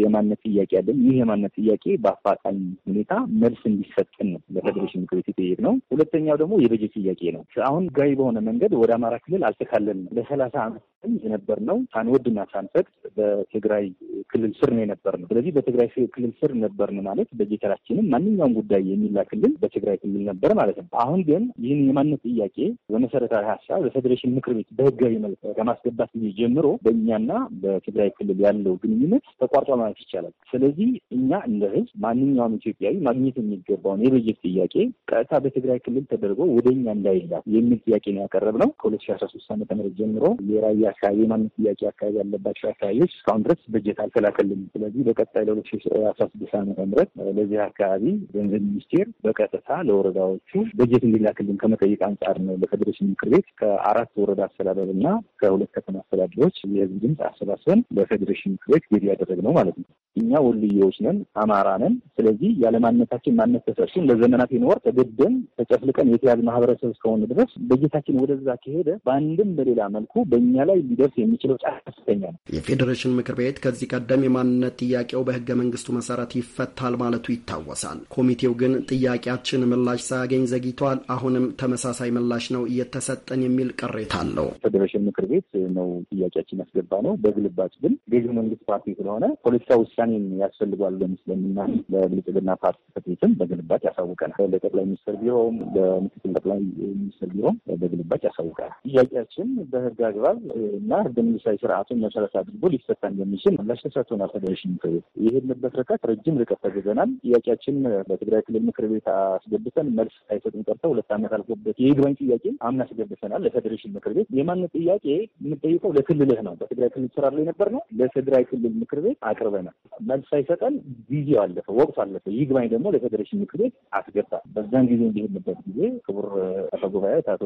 [SPEAKER 8] የማንነት ጥያቄ አለን። ይህ የማንነት ጥያቄ በአፋጣኝ ሁኔታ መልስ እንዲሰጥን ነው ለፌዴሬሽን ምክር ቤት የጠየቅነው። ሁለተኛው ደግሞ የበጀት ጥያቄ ነው። አሁን ጋይ በሆነ መንገድ ወደ አማራ ክልል አልተካለልንም። ለሰላሳ አመት የነበር ነው ሳንወድና ሳንፈቅድ በትግራይ ክልል ስር ነው የነበር ነው። ስለዚህ በትግራይ ክልል ስር ነበርን ማለት በጀተራችንም ማንኛውም ጉዳይ የሚላክልን በትግራይ ክልል ነበር ማለት ነው። አሁን ግን ይህን የማንነት ጥያቄ በመሰረታዊ ሀሳብ በፌዴሬሽን ምክር ቤት በህጋዊ መልክ ከማስገባት ጊዜ ጀምሮ በእኛና በትግራይ ክልል ያለው ግንኙነት ተቋርጧ ማለት ይቻላል። ስለዚህ እኛ እንደ ህዝብ ማንኛውም ኢትዮጵያዊ ማግኘት የሚገባውን የበጀት ጥያቄ ቀጥታ በትግራይ ክልል ተደርጎ ወደ እኛ እንዳይላክ የሚል ጥያቄ ነው ነው። ከሁለት ሺ አስራ ሶስት ዓመተ ምህረት ጀምሮ የራያ አካባቢ የማንነት ጥያቄ አካባቢ ያለባቸው አካባቢ መንግስት እስካሁን ድረስ በጀት አልከላከልንም። ስለዚህ በቀጣይ ለሁለት ሺ አስራ ስድስት ዓመተ ምህረት ለዚህ አካባቢ ገንዘብ ሚኒስቴር በቀጥታ ለወረዳዎቹ በጀት እንዲላክልን ከመጠየቅ አንጻር ነው ለፌዴሬሽን ምክር ቤት ከአራት ወረዳ አስተዳደር እና ከሁለት ከተማ አስተዳደሮች የህዝብ ድምፅ አሰባስበን በፌዴሬሽን ምክር ቤት ገቢ ያደረግነው ማለት ነው። እኛ ወልዮዎች ነን፣ አማራ ነን። ስለዚህ ያለማንነታችን ማንነት ተሰጡን ለዘመናት ይኖር ተገደን ተጨፍልቀን የተያዝ ማህበረሰብ እስከሆነ ድረስ በጀታችን ወደዛ ከሄደ በአንድም በሌላ መልኩ በእኛ ላይ ሊደርስ የሚችለው ጫና ከፍተኛ ነው።
[SPEAKER 7] የፌዴሬሽን ምክር ቤት ከዚህ ቀደም የማንነት ጥያቄው በህገ መንግስቱ መሰረት ይፈታል ማለቱ ይታወሳል። ኮሚቴው ግን ጥያቄያችን ምላሽ ሳያገኝ ዘግይቷል፣ አሁንም ተመሳሳይ ምላሽ ነው እየተሰጠን የሚል ቅሬታ
[SPEAKER 8] አለው። ፌዴሬሽን ምክር ቤት ነው ጥያቄያችን ያስገባ ነው። በግልባጭ ግን ገዢ መንግስት ፓርቲ ስለሆነ ፖለቲካ ውሳኔን ያስፈልጓል ለምስለምና ለብልጽግና ፓርቲ ፍትትም በግልባጭ ያሳውቀናል። ለጠቅላይ ሚኒስትር ቢሮም ለምክትል ጠቅላይ ሚኒስትር ቢሮም በግልባጭ ያሳውቀናል። ጥያቄያችን በህግ አግባብ እና ህገ መንግስታዊ ስርዓቱን መሰረት አድርጎ ሊፈታ እንደሚችል መሰሰቱ ነው። ፌዴሬሽን ምክር ቤት የሄድንበት ርቀት ረጅም ርቀት ተገዘናል። ጥያቄያችን በትግራይ ክልል ምክር ቤት አስገብተን መልስ ሳይሰጡን ቀርተው ሁለት ዓመት አልፎበት የይግባኝ ጥያቄ አምና አስገብተናል ለፌዴሬሽን ምክር ቤት። የማን ጥያቄ የምንጠይቀው ለክልልህ ነው። በትግራይ ክልል ስራ ላይ ነበር ነው ለትግራይ ክልል ምክር ቤት አቅርበናል። መልስ አይሰጠን ጊዜው አለፈ፣ ወቅቱ አለፈ። ይግባኝ ደግሞ ለፌዴሬሽን ምክር ቤት አስገብታ በዛን ጊዜ እንዲሄድንበት ጊዜ ክቡር አፈ ጉባኤ አቶ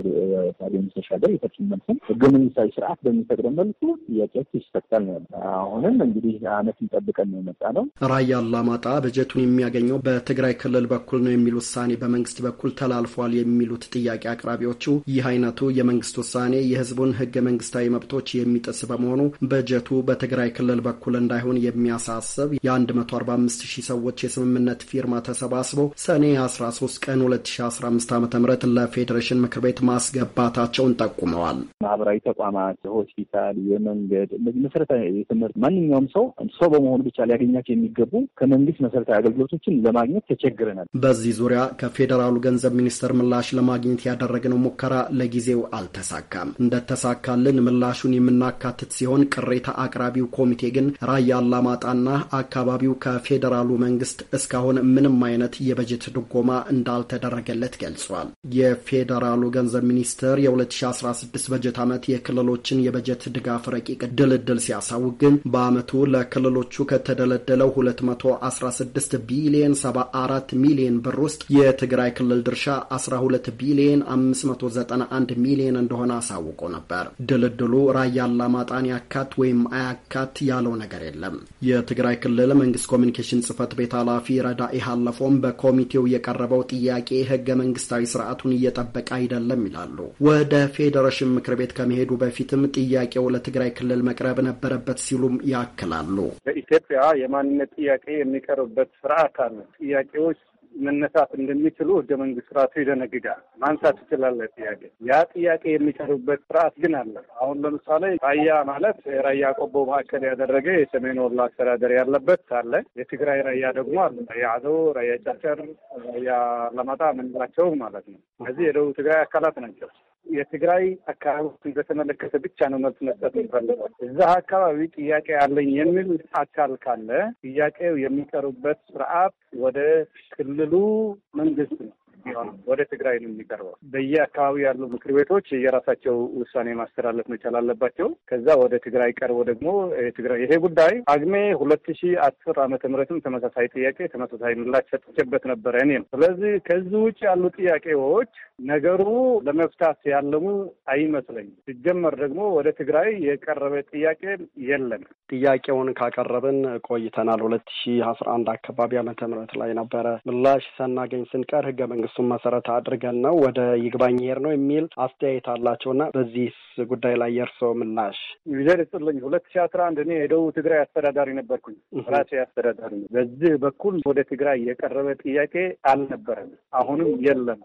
[SPEAKER 8] ታዴን ተሻገር የሰጡን መልስም ህገ መንግስታዊ ስርዓት በሚፈቅደ መልኩ ጥያቄያቸው ይፈታል ነው አሁንም እንግዲህ አመት እንጠብቀን ነው የመጣ ነው።
[SPEAKER 7] ራያ አላማጣ በጀቱን የሚያገኘው በትግራይ ክልል በኩል ነው የሚል ውሳኔ በመንግስት በኩል ተላልፏል የሚሉት ጥያቄ አቅራቢዎቹ ይህ አይነቱ የመንግስት ውሳኔ የህዝቡን ህገ መንግስታዊ መብቶች የሚጥስ በመሆኑ በጀቱ በትግራይ ክልል በኩል እንዳይሆን የሚያሳስብ የ145 ሺህ ሰዎች የስምምነት ፊርማ ተሰባስቦ ሰኔ 13 ቀን 2015 ዓ ም ለፌዴሬሽን ምክር ቤት ማስገባታቸውን ጠቁመዋል። ማህበራዊ ተቋማት፣ ሆስፒታል፣ የመንገድ መሰረታዊ
[SPEAKER 8] የትምህርት ማንኛውም ሰው ሰው በመሆኑ ብቻ ሊያገኛቸው የሚገቡ ከመንግስት መሰረታዊ አገልግሎቶችን ለማግኘት
[SPEAKER 7] ተቸግረናል። በዚህ ዙሪያ ከፌዴራሉ ገንዘብ ሚኒስቴር ምላሽ ለማግኘት ያደረግነው ሙከራ ለጊዜው አልተሳካም። እንደተሳካልን ምላሹን የምናካትት ሲሆን ቅሬታ አቅራቢው ኮሚቴ ግን ራያ አላማጣና አካባቢው ከፌዴራሉ መንግስት እስካሁን ምንም አይነት የበጀት ድጎማ እንዳልተደረገለት ገልጿል። የፌዴራሉ ገንዘብ ሚኒስቴር የ2016 በጀት ዓመት የክልሎችን የበጀት ድጋፍ ረቂቅ ድልድል ሲያሳ ሲያሳውቅ ግን በአመቱ ለክልሎቹ ከተደለደለው 216 ቢሊየን 74 ሚሊየን ብር ውስጥ የትግራይ ክልል ድርሻ 12 ቢሊየን 591 ሚሊየን እንደሆነ አሳውቆ ነበር። ድልድሉ ራያ አላማጣን ያካት ወይም አያካት ያለው ነገር የለም። የትግራይ ክልል መንግስት ኮሚኒኬሽን ጽህፈት ቤት ኃላፊ ረዳኢ ሃለፎም በኮሚቴው የቀረበው ጥያቄ ህገ መንግስታዊ ስርዓቱን እየጠበቀ አይደለም ይላሉ። ወደ ፌዴሬሽን ምክር ቤት ከመሄዱ በፊትም ጥያቄው ለትግራይ ክልል መቅረብ ነበረ አለበት ሲሉም ያክላሉ።
[SPEAKER 9] በኢትዮጵያ የማንነት ጥያቄ የሚቀርብበት ስርዓት አለ። ጥያቄዎች መነሳት እንደሚችሉ ህገ መንግስት ስርዓቱ ይደነግጋል። ማንሳት ይችላለ ጥያቄ። ያ ጥያቄ የሚቀርብበት ስርዓት ግን አለ። አሁን ለምሳሌ ራያ ማለት የራያ ቆቦ ማዕከል ያደረገ የሰሜን ወሎ አስተዳደር ያለበት አለ። የትግራይ ራያ ደግሞ አለ። ራያ አዘው፣ ራያ ጨርጨር፣ ራያ ለማጣ ምንላቸው ማለት ነው። እነዚህ የደቡብ ትግራይ አካላት ናቸው። የትግራይ አካባቢዎችን በተመለከተ ብቻ ነው መልስ መስጠት የሚፈልገው። እዛ አካባቢ ጥያቄ አለኝ የሚል አካል ካለ ጥያቄው የሚቀሩበት ስርዓት ወደ ክልል መንግስት ነው። ወደ ትግራይ ነው የሚቀርበው። በየአካባቢው ያሉ ምክር ቤቶች የራሳቸው ውሳኔ ማስተላለፍ መቻል አለባቸው። ከዛ ወደ ትግራይ ቀርቦ ደግሞ ትግራይ ይሄ ጉዳይ አግሜ ሁለት ሺ አስር አመተ ምህረትም ተመሳሳይ ጥያቄ ተመሳሳይ ምላሽ ሰጥቼበት ነበረ እኔም። ስለዚህ ከዚህ ውጭ ያሉ ጥያቄዎች ነገሩ ለመፍታት ያለሙ አይመስለኝም። ሲጀመር ደግሞ ወደ ትግራይ የቀረበ ጥያቄ የለም።
[SPEAKER 7] ጥያቄውን ካቀረብን ቆይተናል። ሁለት ሺ አስራ አንድ አካባቢ አመተ ምህረት ላይ ነበረ ምላሽ ሳናገኝ ስንቀር ህገ መንግስት እሱም መሰረት አድርገን ነው ወደ ይግባኝ ሄድ ነው የሚል አስተያየት አላቸው እና በዚህ ጉዳይ ላይ የእርስዎ ምላሽ?
[SPEAKER 9] ይዘር ይስጥልኝ። ሁለት ሺ አስራ አንድ እኔ የደቡብ ትግራይ አስተዳዳሪ ነበርኩኝ። ራሴ አስተዳዳሪ ነው። በዚህ በኩል ወደ ትግራይ የቀረበ ጥያቄ አልነበረም፣ አሁንም የለም።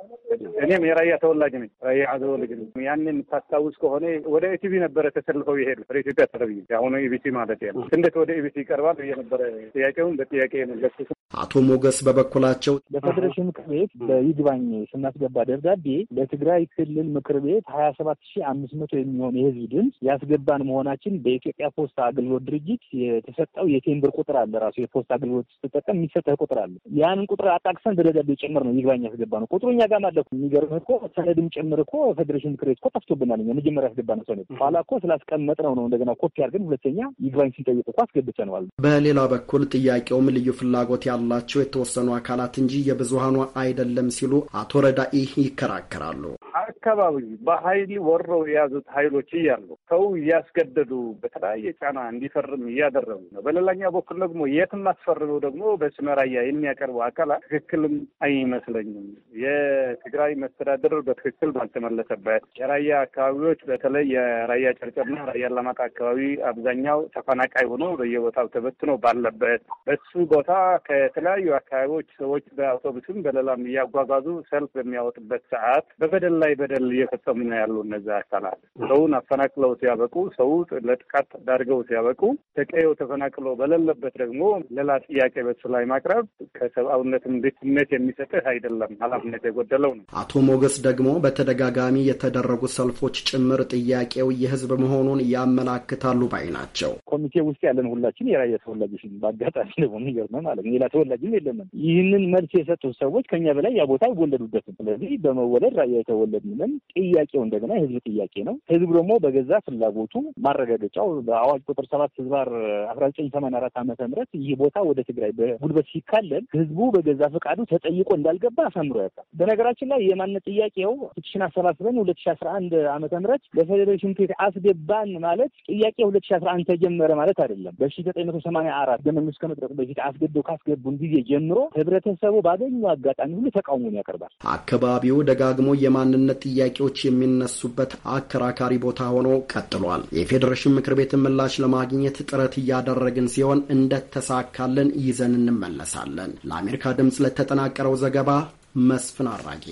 [SPEAKER 9] እኔም የራያ ተወላጅ ነኝ። ራያ ተወላጅ ነኝ። ያንን ታስታውስ ከሆነ ወደ ኢቲቪ ነበረ ተሰልፈው የሄዱ ኢትዮጵያ ቴሌቪዥን አሁኑ ኢቢሲ ማለት ያ እንዴት ወደ ኢቢሲ ይቀርባል የነበረ ጥያቄውን በጥያቄ መለስ።
[SPEAKER 7] አቶ ሞገስ በበኩላቸው
[SPEAKER 8] በፌዴሬሽን ምክር ቤት ይግባኝ ስናስገባ ደብዳቤ ለትግራይ ክልል ምክር ቤት ሀያ ሰባት ሺ አምስት መቶ የሚሆን የህዝብ ድምፅ ያስገባን መሆናችን በኢትዮጵያ ፖስታ አገልግሎት ድርጅት የተሰጠው የቴምብር ቁጥር አለ። ራሱ የፖስታ አገልግሎት ስትጠቀም የሚሰጠህ ቁጥር አለ። ያንን ቁጥር አጣቅሰን በደብዳቤ ጭምር ነው ይግባኝ ያስገባ ነው። ቁጥሩ እኛ ጋር ማለት የሚገርምህ እኮ ሰነድም ጭምር እኮ ፌዴሬሽን ምክር ቤት እኮ ጠፍቶብናል። እኛ መጀመሪያ ያስገባ ነው ሰነድ ኋላ እኮ ስላስቀመጥ ነው ነው እንደገና ኮፒ አድርገን ሁለተኛ ይግባኝ ስንጠይቅ እኮ አስገብተነዋል።
[SPEAKER 7] በሌላ በኩል ጥያቄውም ልዩ ፍላጎት ያላቸው የተወሰኑ አካላት እንጂ የብዙሀኗ አይደለም ሲሉ አቶ ረዳኢ ይከራከራሉ።
[SPEAKER 9] አካባቢ በኃይል ወረው የያዙት ኃይሎች እያሉ ሰው እያስገደዱ በተለያየ ጫና እንዲፈርም እያደረጉ ነው። በሌላኛው በኩል ደግሞ የትም አስፈርመው ደግሞ በስመራያ የሚያቀርቡ አካላት ትክክልም አይመስለኝም። የትግራይ መስተዳደር በትክክል ባልተመለሰበት የራያ አካባቢዎች በተለይ የራያ ጨርጨርና ራያ አላማጣ አካባቢ አብዛኛው ተፈናቃይ ሆኖ በየቦታው ተበትኖ ባለበት በሱ ቦታ ከተለያዩ አካባቢዎች ሰዎች በአውቶቡስም በሌላም እያጓጓ አባዙ ሰልፍ በሚያወጥበት ሰዓት በበደል ላይ በደል እየፈጸሙ ነው ያሉ እነዚህ አካላት ሰውን አፈናቅለው ሲያበቁ፣ ሰው ለጥቃት ዳርገው ሲያበቁ፣ ተቀየው ተፈናቅሎ በሌለበት ደግሞ ሌላ ጥያቄ በሱ ላይ ማቅረብ ከሰብአዊነትም ቤትነት የሚሰጥህ አይደለም፣ ኃላፊነት የጎደለው ነው።
[SPEAKER 7] አቶ ሞገስ ደግሞ በተደጋጋሚ የተደረጉ ሰልፎች ጭምር ጥያቄው የህዝብ መሆኑን ያመላክታሉ ባይ ናቸው።
[SPEAKER 9] ኮሚቴ ውስጥ
[SPEAKER 8] ያለን ሁላችን የራያ ተወላጅ በአጋጣሚ ደግሞ ማለት ነው ሌላ ተወላጅም የለንም።
[SPEAKER 7] ይህንን መልስ
[SPEAKER 8] የሰጡት ሰዎች ከኛ በላይ ያቦ አይወለዱበትም። ስለዚህ በመወለድ የተወለድንም ጥያቄው እንደገና የህዝብ ጥያቄ ነው። ህዝብ ደግሞ በገዛ ፍላጎቱ ማረጋገጫው በአዋጅ ቁጥር ሰባት ህዝባር አስራ ዘጠኝ ሰማንያ አራት ዓመተ ምህረት ይህ ቦታ ወደ ትግራይ በጉልበት ሲካለል ህዝቡ በገዛ ፈቃዱ ተጠይቆ እንዳልገባ አሳምሮ ያውቃል። በነገራችን ላይ የማንነት ጥያቄው ፊትሽን አሰባስበን ሁለት ሺ አስራ አንድ ዓመተ ምህረት ለፌዴሬሽን ቤት አስገባን ማለት ጥያቄ ሁለት ሺ አስራ አንድ ተጀመረ ማለት አይደለም። በሺ ዘጠኝ መቶ ሰማንያ አራት በመንግስት ከመጥረጡ በፊት አስገደው ካስገቡን ጊዜ ጀምሮ ህብረተሰቡ ባገኙ አጋጣሚ ሁሉ ተቃውሞ ሀሳቡን ያቀርባል።
[SPEAKER 7] አካባቢው ደጋግሞ የማንነት ጥያቄዎች የሚነሱበት አከራካሪ ቦታ ሆኖ ቀጥሏል። የፌዴሬሽን ምክር ቤት ምላሽ ለማግኘት ጥረት እያደረግን ሲሆን እንደተሳካልን ይዘን እንመለሳለን። ለአሜሪካ ድምፅ ለተጠናቀረው ዘገባ መስፍን አራጌ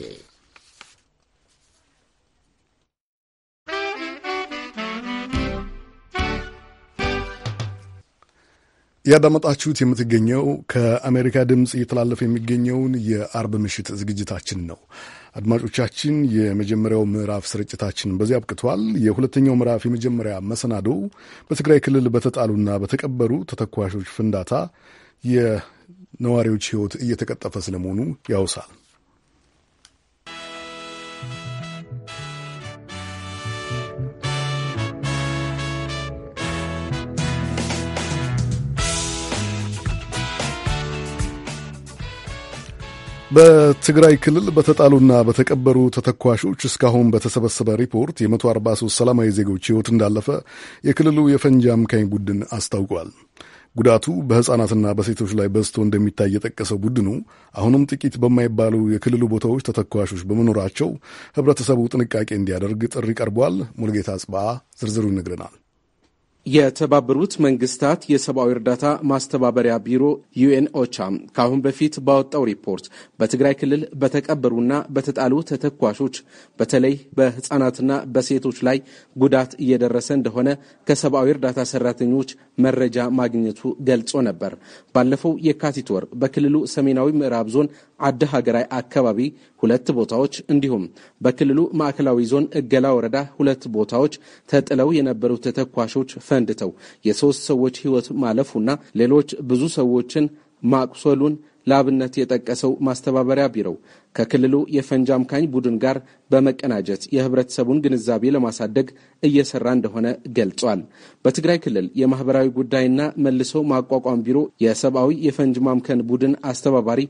[SPEAKER 1] ያዳመጣችሁት የምትገኘው ከአሜሪካ ድምፅ እየተላለፈ የሚገኘውን የአርብ ምሽት ዝግጅታችን ነው። አድማጮቻችን፣ የመጀመሪያው ምዕራፍ ስርጭታችን በዚህ አብቅቷል። የሁለተኛው ምዕራፍ የመጀመሪያ መሰናዶ በትግራይ ክልል በተጣሉና በተቀበሩ ተተኳሾች ፍንዳታ የነዋሪዎች ሕይወት እየተቀጠፈ ስለመሆኑ ያውሳል። በትግራይ ክልል በተጣሉና በተቀበሩ ተተኳሾች እስካሁን በተሰበሰበ ሪፖርት የ143 ሰላማዊ ዜጎች ሕይወት እንዳለፈ የክልሉ የፈንጂ አምካኝ ቡድን አስታውቋል። ጉዳቱ በሕፃናትና በሴቶች ላይ በዝቶ እንደሚታይ የጠቀሰው ቡድኑ አሁንም ጥቂት በማይባሉ የክልሉ ቦታዎች ተተኳሾች በመኖራቸው ሕብረተሰቡ ጥንቃቄ እንዲያደርግ ጥሪ ቀርቧል። ሙልጌታ ጽባ ዝርዝሩ ይነግረናል።
[SPEAKER 10] የተባበሩት መንግስታት የሰብአዊ እርዳታ ማስተባበሪያ ቢሮ ዩኤን ኦቻ ከአሁን በፊት ባወጣው ሪፖርት በትግራይ ክልል በተቀበሩና በተጣሉ ተተኳሾች በተለይ በህፃናትና በሴቶች ላይ ጉዳት እየደረሰ እንደሆነ ከሰብአዊ እርዳታ ሰራተኞች መረጃ ማግኘቱ ገልጾ ነበር። ባለፈው የካቲት ወር በክልሉ ሰሜናዊ ምዕራብ ዞን አደ ሀገራይ አካባቢ ሁለት ቦታዎች እንዲሁም በክልሉ ማዕከላዊ ዞን እገላ ወረዳ ሁለት ቦታዎች ተጥለው የነበሩ ተተኳሾች ፈንድተው የሶስት ሰዎች ሕይወት ማለፉና ሌሎች ብዙ ሰዎችን ማቁሰሉን ለአብነት የጠቀሰው ማስተባበሪያ ቢሮው ከክልሉ የፈንጅ አምካኝ ቡድን ጋር በመቀናጀት የህብረተሰቡን ግንዛቤ ለማሳደግ እየሰራ እንደሆነ ገልጿል። በትግራይ ክልል የማህበራዊ ጉዳይና መልሶ ማቋቋም ቢሮ የሰብአዊ የፈንጅ ማምከን ቡድን አስተባባሪ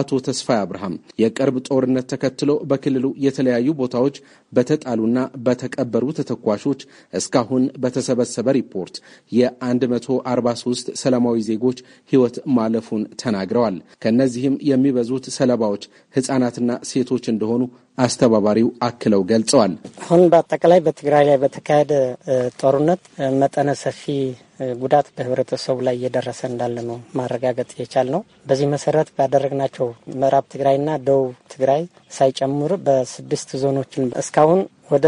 [SPEAKER 10] አቶ ተስፋይ አብርሃም የቅርብ ጦርነት ተከትሎ በክልሉ የተለያዩ ቦታዎች በተጣሉና በተቀበሩ ተተኳሾች እስካሁን በተሰበሰበ ሪፖርት የ143 ሰላማዊ ዜጎች ህይወት ማለፉን ተናግረዋል። ከእነዚህም የሚበዙት ሰለባዎች ህጻናት ህጻናትና ሴቶች እንደሆኑ አስተባባሪው አክለው ገልጸዋል።
[SPEAKER 11] አሁን በአጠቃላይ በትግራይ ላይ በተካሄደ ጦርነት መጠነ ሰፊ ጉዳት በህብረተሰቡ ላይ እየደረሰ እንዳለ ነው ማረጋገጥ የቻል ነው። በዚህ መሰረት ባደረግናቸው ምዕራብ ትግራይና ደቡብ ትግራይ ሳይጨምር በስድስት ዞኖችን እስካሁን ወደ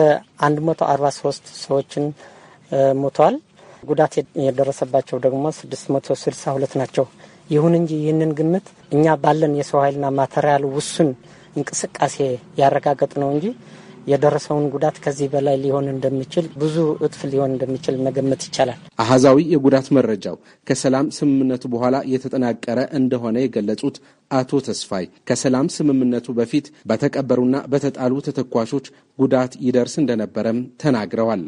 [SPEAKER 11] ሶስት ሰዎችን ሞተዋል። ጉዳት የደረሰባቸው ደግሞ ሁለት ናቸው። ይሁን እንጂ ይህንን ግምት እኛ ባለን የሰው ኃይልና ማቴሪያል ውሱን እንቅስቃሴ ያረጋገጥ ነው እንጂ የደረሰውን ጉዳት ከዚህ በላይ ሊሆን እንደሚችል ብዙ እጥፍ ሊሆን እንደሚችል መገመት ይቻላል።
[SPEAKER 10] አሃዛዊ የጉዳት መረጃው ከሰላም ስምምነቱ በኋላ የተጠናቀረ እንደሆነ የገለጹት አቶ ተስፋይ ከሰላም ስምምነቱ በፊት በተቀበሩና በተጣሉ ተተኳሾች ጉዳት ይደርስ እንደነበረም ተናግረዋል።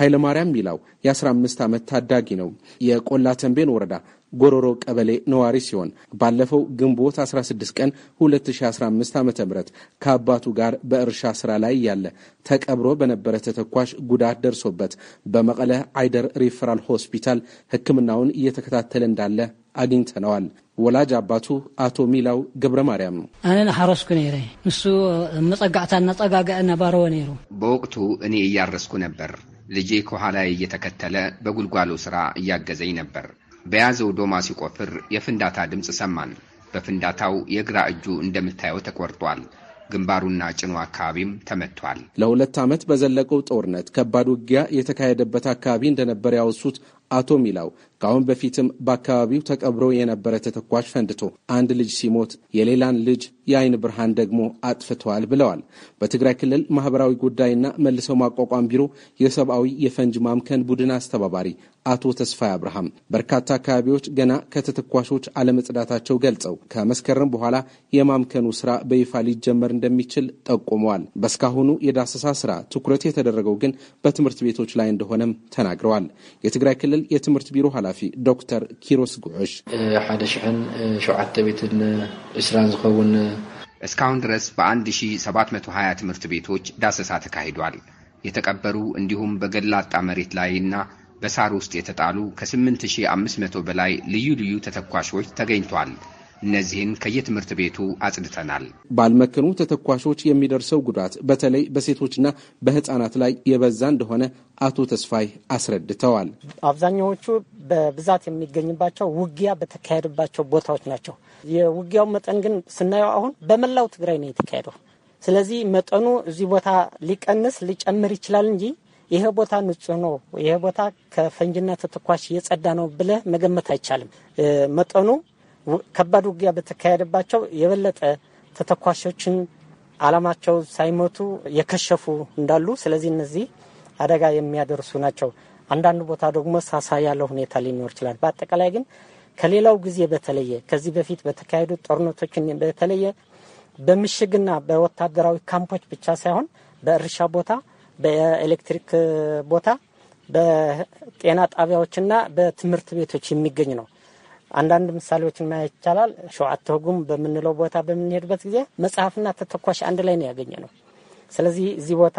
[SPEAKER 10] ኃይለማርያም ሚላው የ15 ዓመት ታዳጊ ነው። የቆላ ተንቤን ወረዳ ጎሮሮ ቀበሌ ነዋሪ ሲሆን ባለፈው ግንቦት 16 ቀን 2015 ዓ ም ከአባቱ ጋር በእርሻ ስራ ላይ እያለ ተቀብሮ በነበረ ተተኳሽ ጉዳት ደርሶበት በመቀለ አይደር ሪፈራል ሆስፒታል ሕክምናውን እየተከታተለ እንዳለ አግኝተነዋል። ወላጅ አባቱ አቶ ሚላው ገብረ ማርያም ነው።
[SPEAKER 11] አነ ሓረስኩ ነይረ ንሱ መጸጋዕታ እናጸጋግዐ ነባረወ ነይሩ።
[SPEAKER 10] በወቅቱ እኔ
[SPEAKER 12] እያረስኩ ነበር። ልጄ ከኋላ እየተከተለ በጉልጓሉ ስራ እያገዘኝ ነበር። በያዘው ዶማ ሲቆፍር የፍንዳታ ድምፅ ሰማን። በፍንዳታው የግራ እጁ እንደምታየው ተቆርጧል። ግንባሩና ጭኑ አካባቢም ተመቷል።
[SPEAKER 10] ለሁለት ዓመት በዘለቀው ጦርነት ከባድ ውጊያ የተካሄደበት አካባቢ እንደነበር ያወሱት አቶ ሚላው ከአሁን በፊትም በአካባቢው ተቀብሮ የነበረ ተተኳሽ ፈንድቶ አንድ ልጅ ሲሞት የሌላን ልጅ የአይን ብርሃን ደግሞ አጥፍተዋል ብለዋል። በትግራይ ክልል ማህበራዊ ጉዳይና መልሰው ማቋቋም ቢሮ የሰብአዊ የፈንጅ ማምከን ቡድን አስተባባሪ አቶ ተስፋይ አብርሃም በርካታ አካባቢዎች ገና ከተተኳሾች አለመጽዳታቸው ገልጸው ከመስከረም በኋላ የማምከኑ ስራ በይፋ ሊጀመር እንደሚችል ጠቁመዋል። በእስካሁኑ የዳሰሳ ስራ ትኩረት የተደረገው ግን በትምህርት ቤቶች ላይ እንደሆነም ተናግረዋል። የትግራይ ክልል ክልል የትምህርት ቢሮ ኃላፊ ዶክተር ኪሮስ ጉዑሽ ሓደ ሽሕን ሸውዓተ ቤትን እስራን ዝኸውን
[SPEAKER 12] እስካሁን ድረስ በ1720 ትምህርት ቤቶች ዳሰሳ ተካሂዷል። የተቀበሩ እንዲሁም በገላጣ መሬት ላይና በሳር ውስጥ የተጣሉ ከ8500 በላይ ልዩ ልዩ ተተኳሾች ተገኝቷል። እነዚህን ከየትምህርት ቤቱ አጽድተናል።
[SPEAKER 10] ባልመከኑ ተተኳሾች የሚደርሰው ጉዳት በተለይ በሴቶችና በህፃናት ላይ የበዛ እንደሆነ አቶ ተስፋይ አስረድተዋል።
[SPEAKER 11] አብዛኛዎቹ በብዛት የሚገኝባቸው ውጊያ በተካሄደባቸው ቦታዎች ናቸው። የውጊያው መጠን ግን ስናየው አሁን በመላው ትግራይ ነው የተካሄደው። ስለዚህ መጠኑ እዚህ ቦታ ሊቀንስ ሊጨምር ይችላል እንጂ ይሄ ቦታ ንጹህ ነው፣ ይሄ ቦታ ከፈንጅና ተተኳሽ የጸዳ ነው ብለህ መገመት አይቻልም። መጠኑ ከባድ ውጊያ በተካሄደባቸው የበለጠ ተተኳሾችን አላማቸው ሳይመቱ የከሸፉ እንዳሉ፣ ስለዚህ እነዚህ አደጋ የሚያደርሱ ናቸው። አንዳንድ ቦታ ደግሞ ሳሳ ያለ ሁኔታ ሊኖር ይችላል። በአጠቃላይ ግን ከሌላው ጊዜ በተለየ ከዚህ በፊት በተካሄዱ ጦርነቶች በተለየ በምሽግና በወታደራዊ ካምፖች ብቻ ሳይሆን በእርሻ ቦታ፣ በኤሌክትሪክ ቦታ፣ በጤና ጣቢያዎችና በትምህርት ቤቶች የሚገኝ ነው። አንዳንድ ምሳሌዎችን ማየት ይቻላል። ሸዋት ትርጉም በምንለው ቦታ በምንሄድበት ጊዜ መጽሐፍና ተተኳሽ አንድ ላይ ነው ያገኘ ነው። ስለዚህ እዚህ ቦታ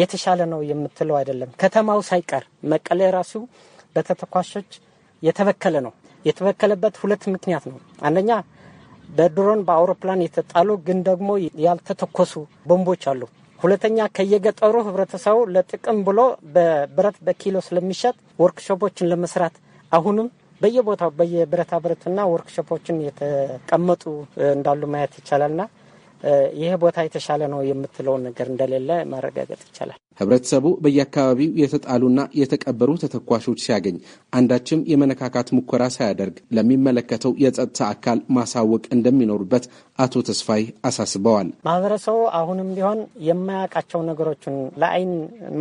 [SPEAKER 11] የተሻለ ነው የምትለው አይደለም። ከተማው ሳይቀር መቀሌ ራሱ በተተኳሾች የተበከለ ነው። የተበከለበት ሁለት ምክንያት ነው። አንደኛ በድሮን በአውሮፕላን የተጣሉ ግን ደግሞ ያልተተኮሱ ቦምቦች አሉ። ሁለተኛ ከየገጠሩ ህብረተሰቡ ለጥቅም ብሎ በብረት በኪሎ ስለሚሸጥ ወርክሾፖችን ለመስራት አሁንም በየቦታው በየብረታ ብረትና ወርክሾፖችን የተቀመጡ እንዳሉ ማየት ይቻላልና ይህ ቦታ የተሻለ ነው የምትለውን ነገር እንደሌለ ማረጋገጥ ይቻላል።
[SPEAKER 10] ህብረተሰቡ በየአካባቢው የተጣሉና የተቀበሩ ተተኳሾች ሲያገኝ አንዳችም የመነካካት ሙከራ ሳያደርግ ለሚመለከተው የጸጥታ አካል ማሳወቅ እንደሚኖሩበት አቶ ተስፋይ አሳስበዋል።
[SPEAKER 11] ማህበረሰቡ አሁንም ቢሆን የማያውቃቸው ነገሮችን ለአይን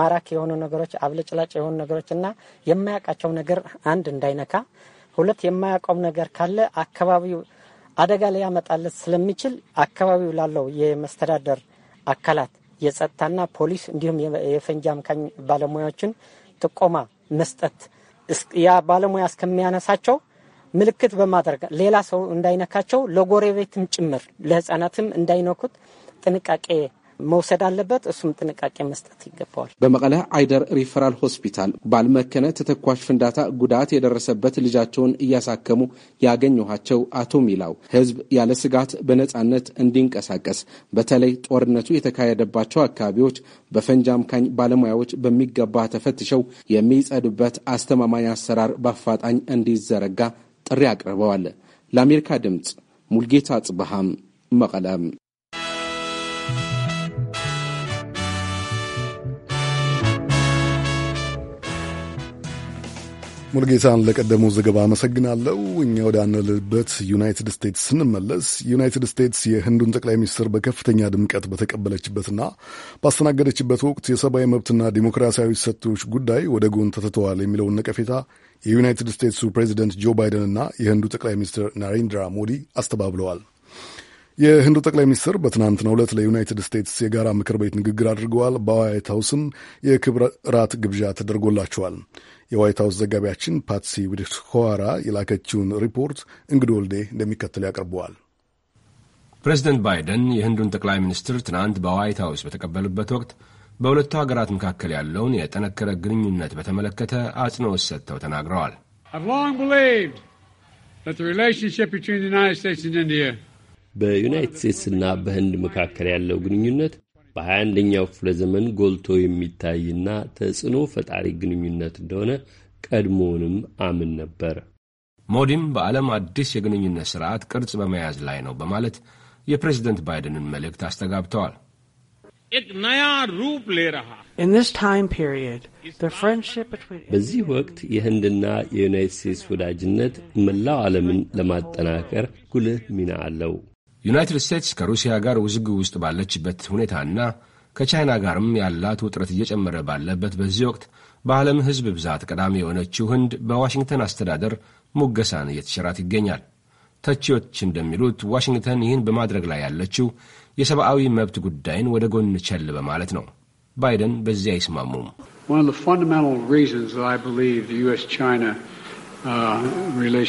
[SPEAKER 11] ማራኪ የሆኑ ነገሮች፣ አብለጭላጭ የሆኑ ነገሮች እና የማያውቃቸው ነገር አንድ እንዳይነካ፣ ሁለት የማያውቀው ነገር ካለ አካባቢው አደጋ ሊያመጣለት ስለሚችል አካባቢው ላለው የመስተዳደር አካላት የጸጥታና ፖሊስ እንዲሁም የፈንጂ አምካኝ ባለሙያዎችን ጥቆማ መስጠት ያ ባለሙያ እስከሚያነሳቸው ምልክት በማድረግ ሌላ ሰው እንዳይነካቸው ለጎረቤትም ጭምር ለህፃናትም እንዳይነኩት ጥንቃቄ መውሰድ አለበት። እሱም ጥንቃቄ መስጠት ይገባዋል።
[SPEAKER 10] በመቀለ አይደር ሪፈራል ሆስፒታል ባልመከነ ተተኳሽ ፍንዳታ ጉዳት የደረሰበት ልጃቸውን እያሳከሙ ያገኘኋቸው አቶ ሚላው ህዝብ ያለ ስጋት በነጻነት እንዲንቀሳቀስ በተለይ ጦርነቱ የተካሄደባቸው አካባቢዎች በፈንጂ አምካኝ ባለሙያዎች በሚገባ ተፈትሸው የሚጸዱበት አስተማማኝ አሰራር በአፋጣኝ እንዲዘረጋ ጥሪ አቅርበዋል። ለአሜሪካ ድምፅ ሙልጌታ ጽብሃም መቀለም
[SPEAKER 1] ሙልጌታን ለቀደመው ዘገባ አመሰግናለሁ። እኛ ወደ አነልበት ዩናይትድ ስቴትስ ስንመለስ ዩናይትድ ስቴትስ የህንዱን ጠቅላይ ሚኒስትር በከፍተኛ ድምቀት በተቀበለችበትና ባስተናገደችበት ወቅት የሰብአዊ መብትና ዲሞክራሲያዊ ሰቶች ጉዳይ ወደ ጎን ተትተዋል የሚለውን ነቀፌታ የዩናይትድ ስቴትሱ ፕሬዚደንት ጆ ባይደንና የህንዱ ጠቅላይ ሚኒስትር ናሬንድራ ሞዲ አስተባብለዋል። የህንዱ ጠቅላይ ሚኒስትር በትናንትናው ዕለት ለዩናይትድ ስቴትስ የጋራ ምክር ቤት ንግግር አድርገዋል። በዋይት ሀውስም የክብረ እራት ግብዣ ተደርጎላቸዋል። የዋይት ሀውስ ዘጋቢያችን ፓትሲ ዊድኮዋራ የላከችውን ሪፖርት እንግዶ ወልዴ እንደሚከተል ያቀርበዋል።
[SPEAKER 12] ፕሬዚደንት ባይደን የህንዱን ጠቅላይ ሚኒስትር ትናንት በዋይት ሀውስ በተቀበሉበት ወቅት በሁለቱ ሀገራት መካከል ያለውን የጠነከረ ግንኙነት በተመለከተ አጽንኦት ሰጥተው ተናግረዋል።
[SPEAKER 13] በዩናይትድ ስቴትስና በህንድ መካከል ያለው ግንኙነት በ21ኛው ክፍለ ዘመን ጎልቶ የሚታይና ተጽዕኖ ፈጣሪ ግንኙነት እንደሆነ ቀድሞውንም አምን ነበር። ሞዲም በዓለም አዲስ የግንኙነት ሥርዓት ቅርጽ በመያዝ ላይ ነው በማለት የፕሬዝደንት ባይደንን መልእክት አስተጋብተዋል። በዚህ ወቅት የህንድና የዩናይትድ ስቴትስ ወዳጅነት መላው ዓለምን ለማጠናከር ጉልህ ሚና አለው። ዩናይትድ ስቴትስ
[SPEAKER 12] ከሩሲያ ጋር ውዝግብ ውስጥ ባለችበት ሁኔታና ከቻይና ጋርም ያላት ውጥረት እየጨመረ ባለበት በዚህ ወቅት በዓለም ሕዝብ ብዛት ቀዳሚ የሆነችው ህንድ በዋሽንግተን አስተዳደር ሙገሳን እየተሸራት ይገኛል። ተቺዎች እንደሚሉት ዋሽንግተን ይህን በማድረግ ላይ ያለችው የሰብአዊ መብት ጉዳይን ወደ ጎን ቸል በማለት ነው። ባይደን በዚህ አይስማሙም።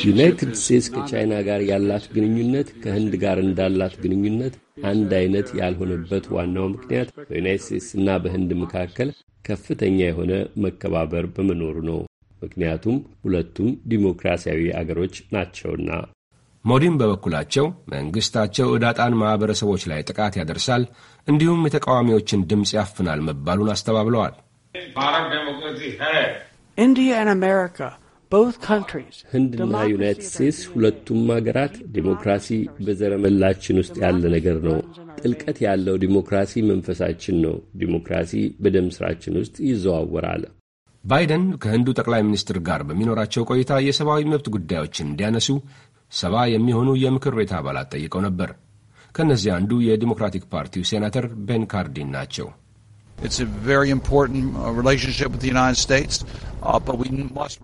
[SPEAKER 13] ዩናይትድ ስቴትስ ከቻይና ጋር ያላት ግንኙነት ከህንድ ጋር እንዳላት ግንኙነት አንድ አይነት ያልሆነበት ዋናው ምክንያት በዩናይትድ ስቴትስና በህንድ መካከል ከፍተኛ የሆነ መከባበር በመኖሩ ነው። ምክንያቱም ሁለቱም ዲሞክራሲያዊ አገሮች ናቸውና።
[SPEAKER 12] ሞዲም በበኩላቸው መንግስታቸው ዕዳጣን ማኅበረሰቦች ላይ ጥቃት ያደርሳል፣ እንዲሁም የተቃዋሚዎችን ድምፅ ያፍናል መባሉን አስተባብለዋል።
[SPEAKER 14] ህንድና
[SPEAKER 13] ዩናይትድ ስቴትስ ሁለቱም ሀገራት ዲሞክራሲ በዘረመላችን ውስጥ ያለ ነገር ነው። ጥልቀት ያለው ዲሞክራሲ መንፈሳችን ነው። ዲሞክራሲ በደም ስራችን ውስጥ ይዘዋወራል።
[SPEAKER 12] ባይደን ከህንዱ ጠቅላይ ሚኒስትር ጋር በሚኖራቸው ቆይታ የሰብአዊ መብት ጉዳዮችን እንዲያነሱ ሰባ የሚሆኑ የምክር ቤት አባላት ጠይቀው ነበር። ከእነዚህ አንዱ የዲሞክራቲክ ፓርቲው ሴናተር ቤን ካርዲን ናቸው።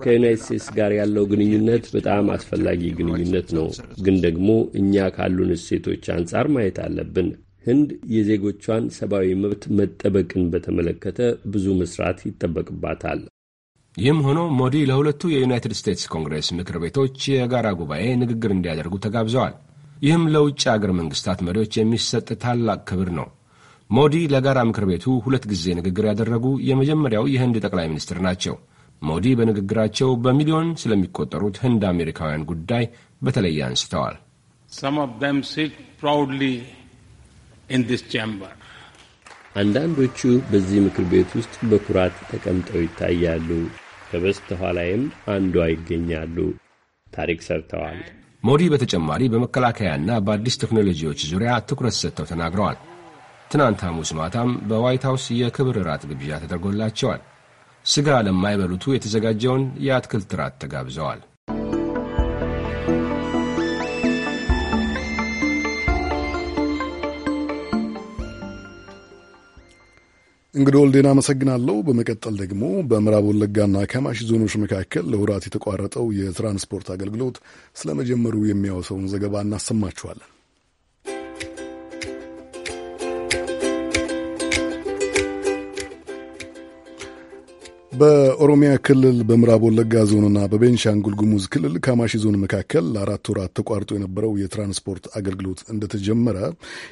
[SPEAKER 13] ከዩናይት ስቴትስ uh, uh, ጋር ያለው ግንኙነት በጣም አስፈላጊ ግንኙነት ነው፣ ግን ደግሞ እኛ ካሉን እሴቶች አንጻር ማየት አለብን። ህንድ የዜጎቿን ሰብአዊ መብት መጠበቅን በተመለከተ ብዙ መስራት ይጠበቅባታል።
[SPEAKER 12] ይህም ሆኖ ሞዲ ለሁለቱ የዩናይትድ ስቴትስ ኮንግሬስ ምክር ቤቶች የጋራ ጉባኤ ንግግር እንዲያደርጉ ተጋብዘዋል። ይህም ለውጭ አገር መንግስታት መሪዎች የሚሰጥ ታላቅ ክብር ነው። ሞዲ ለጋራ ምክር ቤቱ ሁለት ጊዜ ንግግር ያደረጉ የመጀመሪያው የህንድ ጠቅላይ ሚኒስትር ናቸው። ሞዲ በንግግራቸው በሚሊዮን ስለሚቆጠሩት ህንድ አሜሪካውያን ጉዳይ በተለየ አንስተዋል።
[SPEAKER 13] አንዳንዶቹ በዚህ ምክር ቤት ውስጥ በኩራት ተቀምጠው ይታያሉ። ከበስተኋላይም አንዷ ይገኛሉ። ታሪክ ሰርተዋል።
[SPEAKER 12] ሞዲ በተጨማሪ በመከላከያና በአዲስ ቴክኖሎጂዎች ዙሪያ ትኩረት ሰጥተው ተናግረዋል። ትናንት ሐሙስ ማታም በዋይት ሀውስ የክብር ራት ግብዣ ተደርጎላቸዋል። ሥጋ ለማይበሉቱ የተዘጋጀውን የአትክልት ራት ተጋብዘዋል።
[SPEAKER 1] እንግዲህ ወልዴን አመሰግናለሁ። በመቀጠል ደግሞ በምዕራብ ወለጋና ከማሽ ዞኖች መካከል ለወራት የተቋረጠው የትራንስፖርት አገልግሎት ስለመጀመሩ የሚያወሰውን ዘገባ እናሰማችኋለን። በኦሮሚያ ክልል በምዕራብ ወለጋ ዞንና በቤንሻንጉል ጉሙዝ ክልል ካማሺ ዞን መካከል ለአራት ወራት ተቋርጦ የነበረው የትራንስፖርት አገልግሎት እንደተጀመረ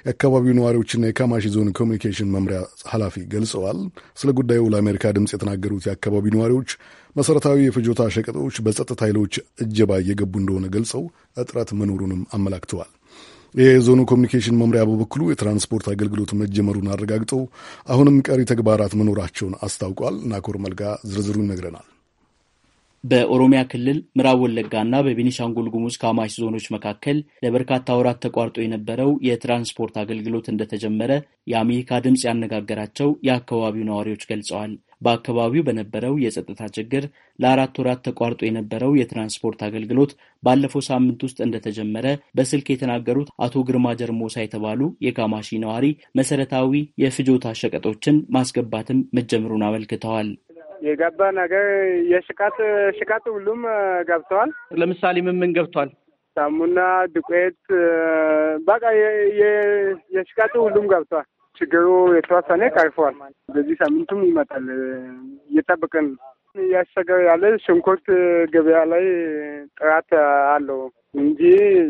[SPEAKER 1] የአካባቢው ነዋሪዎችና የካማሺ ዞን ኮሚኒኬሽን መምሪያ ኃላፊ ገልጸዋል። ስለ ጉዳዩ ለአሜሪካ ድምፅ የተናገሩት የአካባቢው ነዋሪዎች መሠረታዊ የፍጆታ ሸቀጦች በጸጥታ ኃይሎች እጀባ እየገቡ እንደሆነ ገልጸው እጥረት መኖሩንም አመላክተዋል። የዞኑ ኮሚኒኬሽን መምሪያ በበኩሉ የትራንስፖርት አገልግሎት መጀመሩን አረጋግጦ አሁንም ቀሪ ተግባራት መኖራቸውን አስታውቋል። ናኮር መልጋ ዝርዝሩ ይነግረናል።
[SPEAKER 15] በኦሮሚያ ክልል ምዕራብ ወለጋና በቤኒሻንጉል ጉሙዝ ካማሽ ዞኖች መካከል ለበርካታ ወራት ተቋርጦ የነበረው የትራንስፖርት አገልግሎት እንደተጀመረ የአሜሪካ ድምፅ ያነጋገራቸው የአካባቢው ነዋሪዎች ገልጸዋል። በአካባቢው በነበረው የጸጥታ ችግር ለአራት ወራት ተቋርጦ የነበረው የትራንስፖርት አገልግሎት ባለፈው ሳምንት ውስጥ እንደተጀመረ በስልክ የተናገሩት አቶ ግርማ ጀርሞሳ የተባሉ የካማሺ ነዋሪ መሰረታዊ የፍጆታ ሸቀጦችን ማስገባትም መጀመሩን አመልክተዋል።
[SPEAKER 14] የገባ ነገር የሽቃት ሽቃት ሁሉም ገብተዋል።
[SPEAKER 15] ለምሳሌ
[SPEAKER 10] ምን ምን ገብቷል?
[SPEAKER 14] ሳሙና፣ ዱቄት፣ በቃ የሽቃት ሁሉም ገብተዋል። ችግሩ የተወሰነ ቀርፏል። በዚህ ሳምንቱም ይመጣል እየጠበቅን እያሰገ ያለ ሽንኩርት ገበያ ላይ ጥራት አለው እንጂ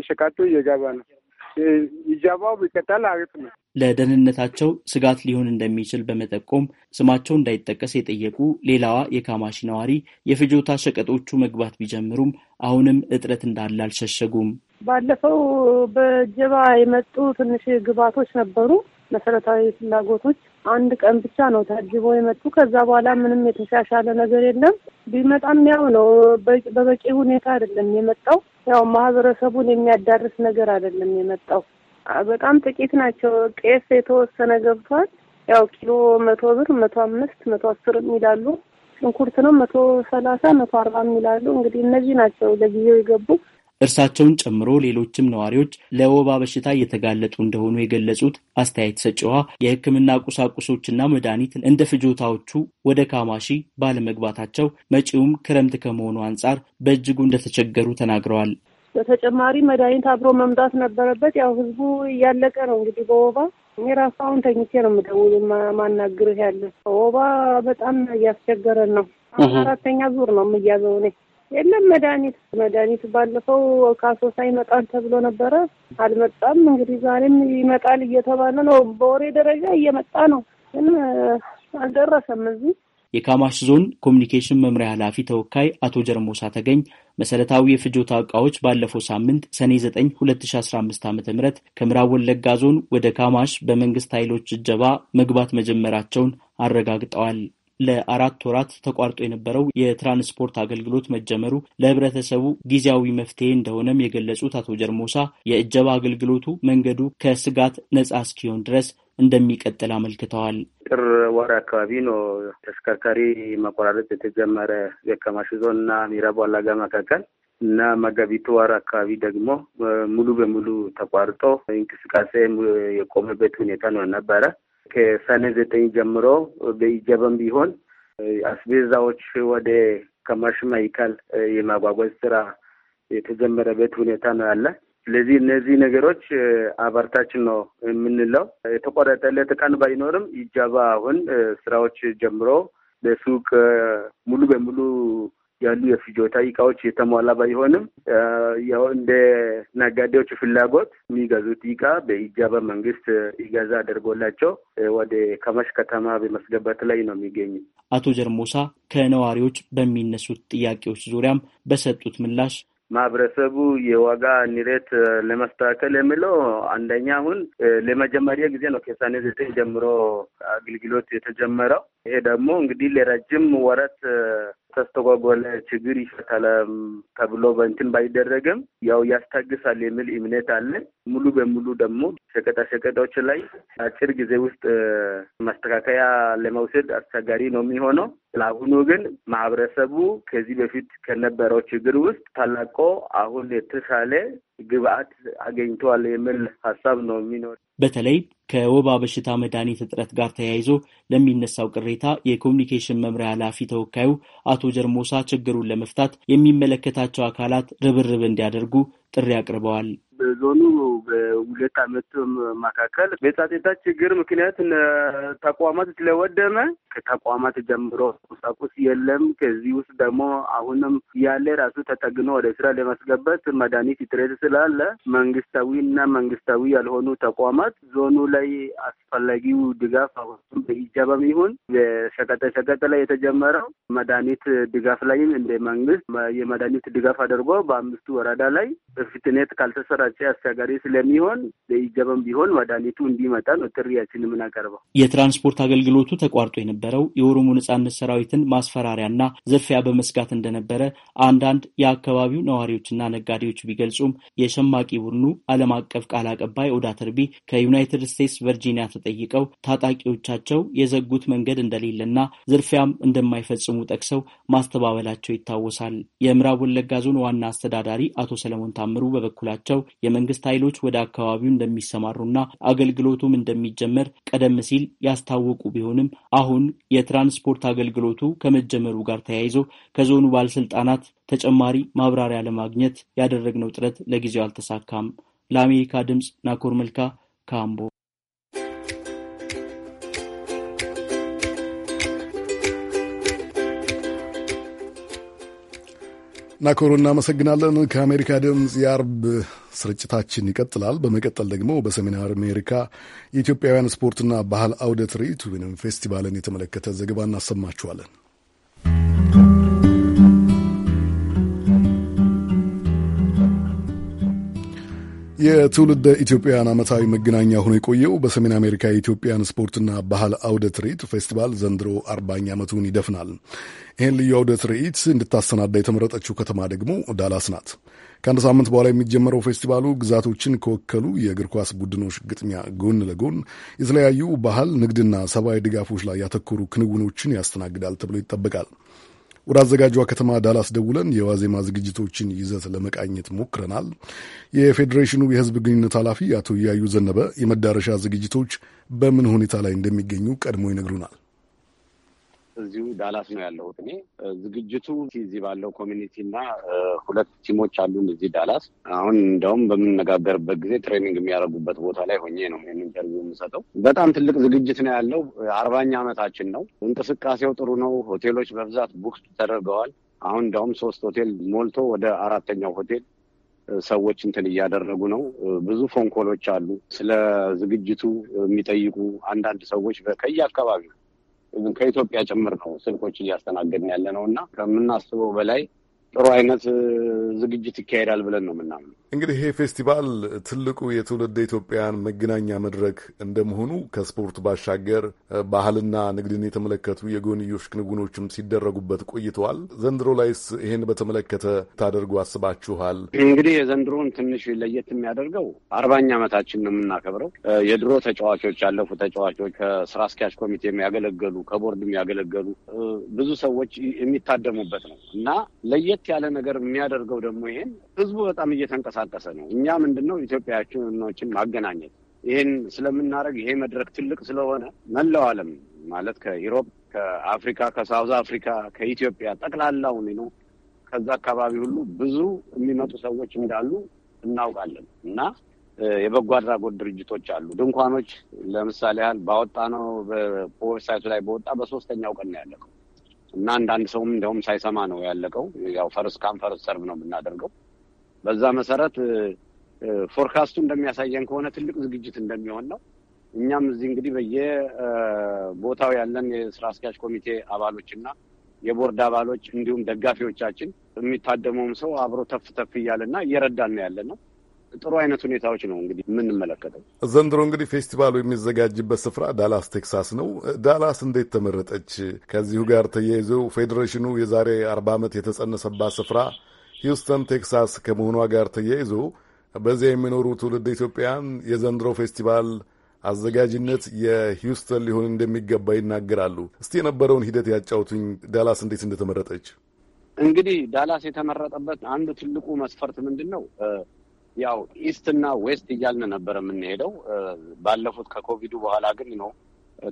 [SPEAKER 14] ሽቃቱ እየገባ ነው። ይጃባው ቢቀጠል አሪፍ
[SPEAKER 15] ነው። ለደህንነታቸው ስጋት ሊሆን እንደሚችል በመጠቆም ስማቸው እንዳይጠቀስ የጠየቁ ሌላዋ የካማሺ ነዋሪ የፍጆታ ሸቀጦቹ መግባት ቢጀምሩም አሁንም እጥረት እንዳለ አልሸሸጉም።
[SPEAKER 6] ባለፈው በእጀባ የመጡ ትንሽ ግብዓቶች ነበሩ። መሰረታዊ ፍላጎቶች አንድ ቀን ብቻ ነው ታጅቦ የመጡ። ከዛ በኋላ ምንም የተሻሻለ ነገር የለም። ቢመጣም ያው ነው፣ በበቂ ሁኔታ አይደለም የመጣው። ያው ማህበረሰቡን የሚያዳርስ ነገር አይደለም የመጣው። በጣም ጥቂት ናቸው። ቄስ የተወሰነ ገብቷል። ያው ኪሎ መቶ ብር መቶ አምስት መቶ አስር የሚላሉ ሽንኩርት ነው መቶ ሰላሳ መቶ አርባ የሚላሉ እንግዲህ እነዚህ ናቸው ለጊዜው የገቡ
[SPEAKER 15] እርሳቸውን ጨምሮ ሌሎችም ነዋሪዎች ለወባ በሽታ እየተጋለጡ እንደሆኑ የገለጹት አስተያየት ሰጪዋ የሕክምና ቁሳቁሶችና መድኃኒት እንደ ፍጆታዎቹ ወደ ካማሺ ባለመግባታቸው መጪውም ክረምት ከመሆኑ አንጻር በእጅጉ እንደተቸገሩ
[SPEAKER 6] ተናግረዋል። በተጨማሪ መድኃኒት አብሮ መምጣት ነበረበት። ያው ህዝቡ እያለቀ ነው እንግዲህ በወባ እኔ ራሱ አሁን ተኝቼ ነው የምደውል ማናግርህ ያለ ወባ በጣም እያስቸገረን ነው። አሁን አራተኛ ዙር ነው የምያዘው እኔ የለም መድኃኒት መድኃኒት ባለፈው ካሶሳ ይመጣል ተብሎ ነበረ፣ አልመጣም። እንግዲህ ዛሬም ይመጣል እየተባለ ነው፣ በወሬ ደረጃ እየመጣ ነው፣ ግን አልደረሰም እዚህ
[SPEAKER 15] የካማሽ ዞን ኮሚኒኬሽን መምሪያ ኃላፊ ተወካይ አቶ ጀርሞሳ ተገኝ መሰረታዊ የፍጆታ እቃዎች ባለፈው ሳምንት ሰኔ 9 2015 ዓ ም ከምዕራብ ወለጋ ዞን ወደ ካማሽ በመንግስት ኃይሎች እጀባ መግባት መጀመራቸውን አረጋግጠዋል። ለአራት ወራት ተቋርጦ የነበረው የትራንስፖርት አገልግሎት መጀመሩ ለህብረተሰቡ ጊዜያዊ መፍትሄ እንደሆነም የገለጹት አቶ ጀርሞሳ የእጀባ አገልግሎቱ መንገዱ ከስጋት ነጻ እስኪሆን ድረስ እንደሚቀጥል አመልክተዋል።
[SPEAKER 14] ጥር ወር አካባቢ ነው ተሽከርካሪ መቆራረጥ የተጀመረ የከማሽ ዞን እና ምዕራብ ወለጋ መካከል እና መጋቢት ወር አካባቢ ደግሞ ሙሉ በሙሉ ተቋርጦ እንቅስቃሴ የቆመበት ሁኔታ ነው ነበረ። ከሰኔ ዘጠኝ ጀምሮ በኢጀበም ቢሆን አስቤዛዎች ወደ ከማሽ ማዕከል የማጓጓዝ ስራ የተጀመረበት ሁኔታ ነው ያለ። ስለዚህ እነዚህ ነገሮች አበርታችን ነው የምንለው። የተቆረጠለት ቀን ባይኖርም ኢጀባ አሁን ስራዎች ጀምሮ በሱቅ ሙሉ በሙሉ ያሉ የፍጆታ እቃዎች የተሟላ ባይሆንም ያው እንደ ነጋዴዎች ፍላጎት የሚገዙት እቃ በኢጃባ መንግስት ይገዛ አድርጎላቸው ወደ ከመሽ ከተማ በማስገባት ላይ ነው የሚገኙ።
[SPEAKER 15] አቶ ጀርሞሳ ከነዋሪዎች በሚነሱት ጥያቄዎች ዙሪያም በሰጡት ምላሽ
[SPEAKER 14] ማህበረሰቡ የዋጋ ንረት ለማስተካከል የሚለው አንደኛ አሁን ለመጀመሪያ ጊዜ ነው ከሰኔ ዘጠኝ ጀምሮ አገልግሎት የተጀመረው። ይሄ ደግሞ እንግዲህ ለረጅም ወረት ተስተጓጎለ፣ ችግር ይፈታላል ተብሎ በእንትን ባይደረግም ያው ያስታግሳል የሚል እምነት አለ። ሙሉ በሙሉ ደግሞ ሸቀጣሸቀጦች ላይ አጭር ጊዜ ውስጥ ማስተካከያ ለመውሰድ አስቸጋሪ ነው የሚሆነው። ለአሁኑ ግን ማህበረሰቡ ከዚህ በፊት ከነበረው ችግር ውስጥ ተላቆ አሁን የተሻለ ግብአት አገኝተዋል የሚል ሀሳብ ነው የሚኖር።
[SPEAKER 15] በተለይ ከወባ በሽታ መድኃኒት እጥረት ጋር ተያይዞ ለሚነሳው ቅሬታ የኮሚኒኬሽን መምሪያ ኃላፊ ተወካዩ አቶ ጀርሞሳ ችግሩን ለመፍታት የሚመለከታቸው አካላት ርብርብ እንዲያደርጉ ጥሪ አቅርበዋል።
[SPEAKER 14] በዞኑ በሁለት አመት መካከል በጸጥታ ችግር ምክንያት ተቋማት ስለወደመ ከተቋማት ጀምሮ ቁሳቁስ የለም። ከዚህ ውስጥ ደግሞ አሁንም ያለ ራሱ ተጠግኖ ወደ ስራ ለማስገባት መድኃኒት እጥረት ስላለ መንግስታዊ እና መንግስታዊ ያልሆኑ ተቋማት ዞኑ ላይ አስፈላጊው ድጋፍ አሁንም በኢጃባም ይሁን በሸቀጠ ሸቀጠ ላይ የተጀመረው መድኃኒት ድጋፍ ላይም እንደ መንግስት የመድኃኒት ድጋፍ አድርጎ በአምስቱ ወረዳ ላይ በፍጥነት ካልተሰራ አዋጭ አስቸጋሪ ስለሚሆን ለይገበም ቢሆን መድኃኒቱ እንዲመጣ ነው ጥሪያችን የምናቀርበው።
[SPEAKER 15] የትራንስፖርት አገልግሎቱ ተቋርጦ የነበረው የኦሮሞ ነጻነት ሰራዊትን ማስፈራሪያና ዝርፊያ በመስጋት እንደነበረ አንዳንድ የአካባቢው ነዋሪዎችና ነጋዴዎች ቢገልጹም የሸማቂ ቡድኑ ዓለም አቀፍ ቃል አቀባይ ኦዳ ተርቢ ከዩናይትድ ስቴትስ ቨርጂኒያ ተጠይቀው ታጣቂዎቻቸው የዘጉት መንገድ እንደሌለና ዝርፊያም እንደማይፈጽሙ ጠቅሰው ማስተባበላቸው ይታወሳል። የምዕራብ ወለጋ ዞን ዋና አስተዳዳሪ አቶ ሰለሞን ታምሩ በበኩላቸው የመንግስት ኃይሎች ወደ አካባቢው እንደሚሰማሩና አገልግሎቱም እንደሚጀመር ቀደም ሲል ያስታወቁ ቢሆንም አሁን የትራንስፖርት አገልግሎቱ ከመጀመሩ ጋር ተያይዞ ከዞኑ ባለስልጣናት ተጨማሪ ማብራሪያ ለማግኘት ያደረግነው ጥረት ለጊዜው አልተሳካም። ለአሜሪካ ድምፅ ናኮር መልካ ካምቦ
[SPEAKER 1] ናኮሮ እናመሰግናለን። ከአሜሪካ ድምፅ የአርብ ስርጭታችን ይቀጥላል። በመቀጠል ደግሞ በሰሜን አሜሪካ የኢትዮጵያውያን ስፖርትና ባህል አውደ ትርኢት ወይም ፌስቲቫልን የተመለከተ ዘገባ እናሰማችኋለን። የትውልድ ኢትዮጵያውያን ዓመታዊ መገናኛ ሆኖ የቆየው በሰሜን አሜሪካ የኢትዮጵያን ስፖርትና ባህል አውደ ትርኢት ፌስቲቫል ዘንድሮ አርባኛ ዓመቱን ይደፍናል። ይህን ልዩ አውደ ትርኢት እንድታሰናዳ የተመረጠችው ከተማ ደግሞ ዳላስ ናት። ከአንድ ሳምንት በኋላ የሚጀመረው ፌስቲቫሉ ግዛቶችን ከወከሉ የእግር ኳስ ቡድኖች ግጥሚያ ጎን ለጎን የተለያዩ ባህል፣ ንግድና ሰብአዊ ድጋፎች ላይ ያተኮሩ ክንውኖችን ያስተናግዳል ተብሎ ይጠበቃል። ወደ አዘጋጇ ከተማ ዳላስ ደውለን የዋዜማ ዝግጅቶችን ይዘት ለመቃኘት ሞክረናል። የፌዴሬሽኑ የህዝብ ግንኙነት ኃላፊ አቶ እያዩ ዘነበ የመዳረሻ ዝግጅቶች በምን ሁኔታ ላይ እንደሚገኙ ቀድሞ ይነግሩናል።
[SPEAKER 16] እዚሁ ዳላስ ነው ያለሁት እኔ። ዝግጅቱ እዚህ ባለው ኮሚኒቲ እና ሁለት ቲሞች አሉን እዚህ ዳላስ። አሁን እንደውም በምንነጋገርበት ጊዜ ትሬኒንግ የሚያደርጉበት ቦታ ላይ ሆኜ ነው ይህን ኢንተርቪው የምሰጠው። በጣም ትልቅ ዝግጅት ነው ያለው። አርባኛ ዓመታችን ነው። እንቅስቃሴው ጥሩ ነው። ሆቴሎች በብዛት ቡክ ተደርገዋል። አሁን እንደውም ሶስት ሆቴል ሞልቶ ወደ አራተኛው ሆቴል ሰዎች እንትን እያደረጉ ነው። ብዙ ፎንኮሎች አሉ። ስለ ዝግጅቱ የሚጠይቁ አንዳንድ ሰዎች ከየአካባቢው ከኢትዮጵያ ጭምር ነው ስልኮችን እያስተናገድን ያለ ነው እና ከምናስበው በላይ ጥሩ አይነት ዝግጅት ይካሄዳል ብለን ነው የምናምነው።
[SPEAKER 1] እንግዲህ ይሄ ፌስቲቫል ትልቁ የትውልድ ኢትዮጵያን መገናኛ መድረክ እንደመሆኑ ከስፖርት ባሻገር ባህልና ንግድን የተመለከቱ የጎንዮሽ ክንውኖችም ሲደረጉበት ቆይተዋል። ዘንድሮ ላይስ ይሄን በተመለከተ ታደርጉ አስባችኋል?
[SPEAKER 16] እንግዲህ የዘንድሮን ትንሽ ለየት የሚያደርገው
[SPEAKER 1] አርባኛ ዓመታችን ነው የምናከብረው። የድሮ
[SPEAKER 16] ተጫዋቾች፣ ያለፉ ተጫዋቾች፣ ከስራ አስኪያጅ ኮሚቴ የሚያገለገሉ ከቦርድ የሚያገለገሉ ብዙ ሰዎች የሚታደሙበት ነው እና ለየት ለየት ያለ ነገር የሚያደርገው ደግሞ ይሄን ህዝቡ በጣም እየተንቀሳቀሰ ነው። እኛ ምንድን ነው ኢትዮጵያችንን ማገናኘት ይህን ስለምናደርግ ይሄ መድረክ ትልቅ ስለሆነ መላው ዓለም ማለት ከኢሮፕ፣ ከአፍሪካ፣ ከሳውዝ አፍሪካ፣ ከኢትዮጵያ ጠቅላላውን ነው ከዛ አካባቢ ሁሉ ብዙ የሚመጡ ሰዎች እንዳሉ እናውቃለን እና የበጎ አድራጎት ድርጅቶች አሉ። ድንኳኖች ለምሳሌ ያህል ባወጣ ነው በዌብሳይቱ ላይ በወጣ በሶስተኛው ቀን ያለቀው እና አንዳንድ ሰውም እንዲያውም ሳይሰማ ነው ያለቀው። ያው ፈርስ ካም ፈርስ ሰርቭ ነው የምናደርገው። በዛ መሰረት ፎርካስቱ እንደሚያሳየን ከሆነ ትልቅ ዝግጅት እንደሚሆን ነው። እኛም እዚህ እንግዲህ በየቦታው ያለን የስራ አስኪያጅ ኮሚቴ አባሎች እና የቦርድ አባሎች እንዲሁም ደጋፊዎቻችን የሚታደመውም ሰው አብሮ ተፍ ተፍ እያለና እየረዳን ነው ያለ ነው። ጥሩ አይነት ሁኔታዎች ነው እንግዲህ የምንመለከተው።
[SPEAKER 1] ዘንድሮ እንግዲህ ፌስቲቫሉ የሚዘጋጅበት ስፍራ ዳላስ ቴክሳስ ነው። ዳላስ እንዴት ተመረጠች? ከዚሁ ጋር ተያይዘው ፌዴሬሽኑ የዛሬ አርባ ዓመት የተጸነሰባት ስፍራ ሂውስተን ቴክሳስ ከመሆኗ ጋር ተያይዞ በዚያ የሚኖሩ ትውልድ ኢትዮጵያን የዘንድሮ ፌስቲቫል አዘጋጅነት የሂውስተን ሊሆን እንደሚገባ ይናገራሉ። እስቲ የነበረውን ሂደት ያጫውቱኝ። ዳላስ እንዴት እንደተመረጠች።
[SPEAKER 16] እንግዲህ ዳላስ የተመረጠበት አንዱ ትልቁ መስፈርት ምንድን ነው? ያው ኢስት እና ዌስት እያልን ነበር የምንሄደው። ባለፉት ከኮቪዱ በኋላ ግን ነው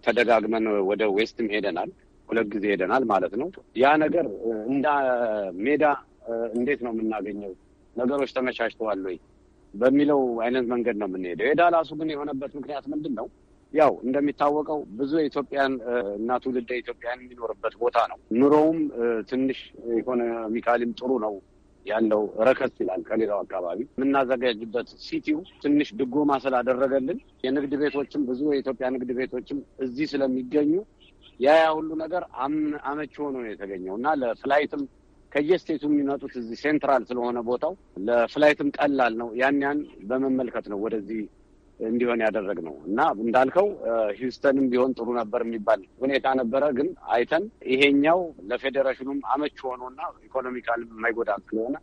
[SPEAKER 16] ተደጋግመን ወደ ዌስትም ሄደናል፣ ሁለት ጊዜ ሄደናል ማለት ነው። ያ ነገር እንደ ሜዳ እንዴት ነው የምናገኘው ነገሮች ተመቻችተዋል ወይ በሚለው አይነት መንገድ ነው የምንሄደው። የዳላሱ ግን የሆነበት ምክንያት ምንድን ነው? ያው እንደሚታወቀው ብዙ የኢትዮጵያን እና ትውልደ ኢትዮጵያን የሚኖርበት ቦታ ነው። ኑሮውም ትንሽ ኢኮኖሚካሊም ጥሩ ነው ያለው ረከስ ይላል ከሌላው አካባቢ። የምናዘጋጅበት ሲቲው ትንሽ ድጎማ ስላደረገልን የንግድ ቤቶችም ብዙ የኢትዮጵያ ንግድ ቤቶችም እዚህ ስለሚገኙ ያ ያ ሁሉ ነገር አመች ሆኖ ነው የተገኘው እና ለፍላይትም ከየስቴቱ የሚመጡት እዚህ ሴንትራል ስለሆነ ቦታው ለፍላይትም ቀላል ነው። ያን ያን በመመልከት ነው ወደዚህ እንዲሆን ያደረግ ነው እና እንዳልከው ሂውስተንም ቢሆን ጥሩ ነበር የሚባል ሁኔታ ነበረ። ግን አይተን ይሄኛው ለፌዴሬሽኑም አመች ሆኖ እና ኢኮኖሚካል የማይጎዳ ስለሆነ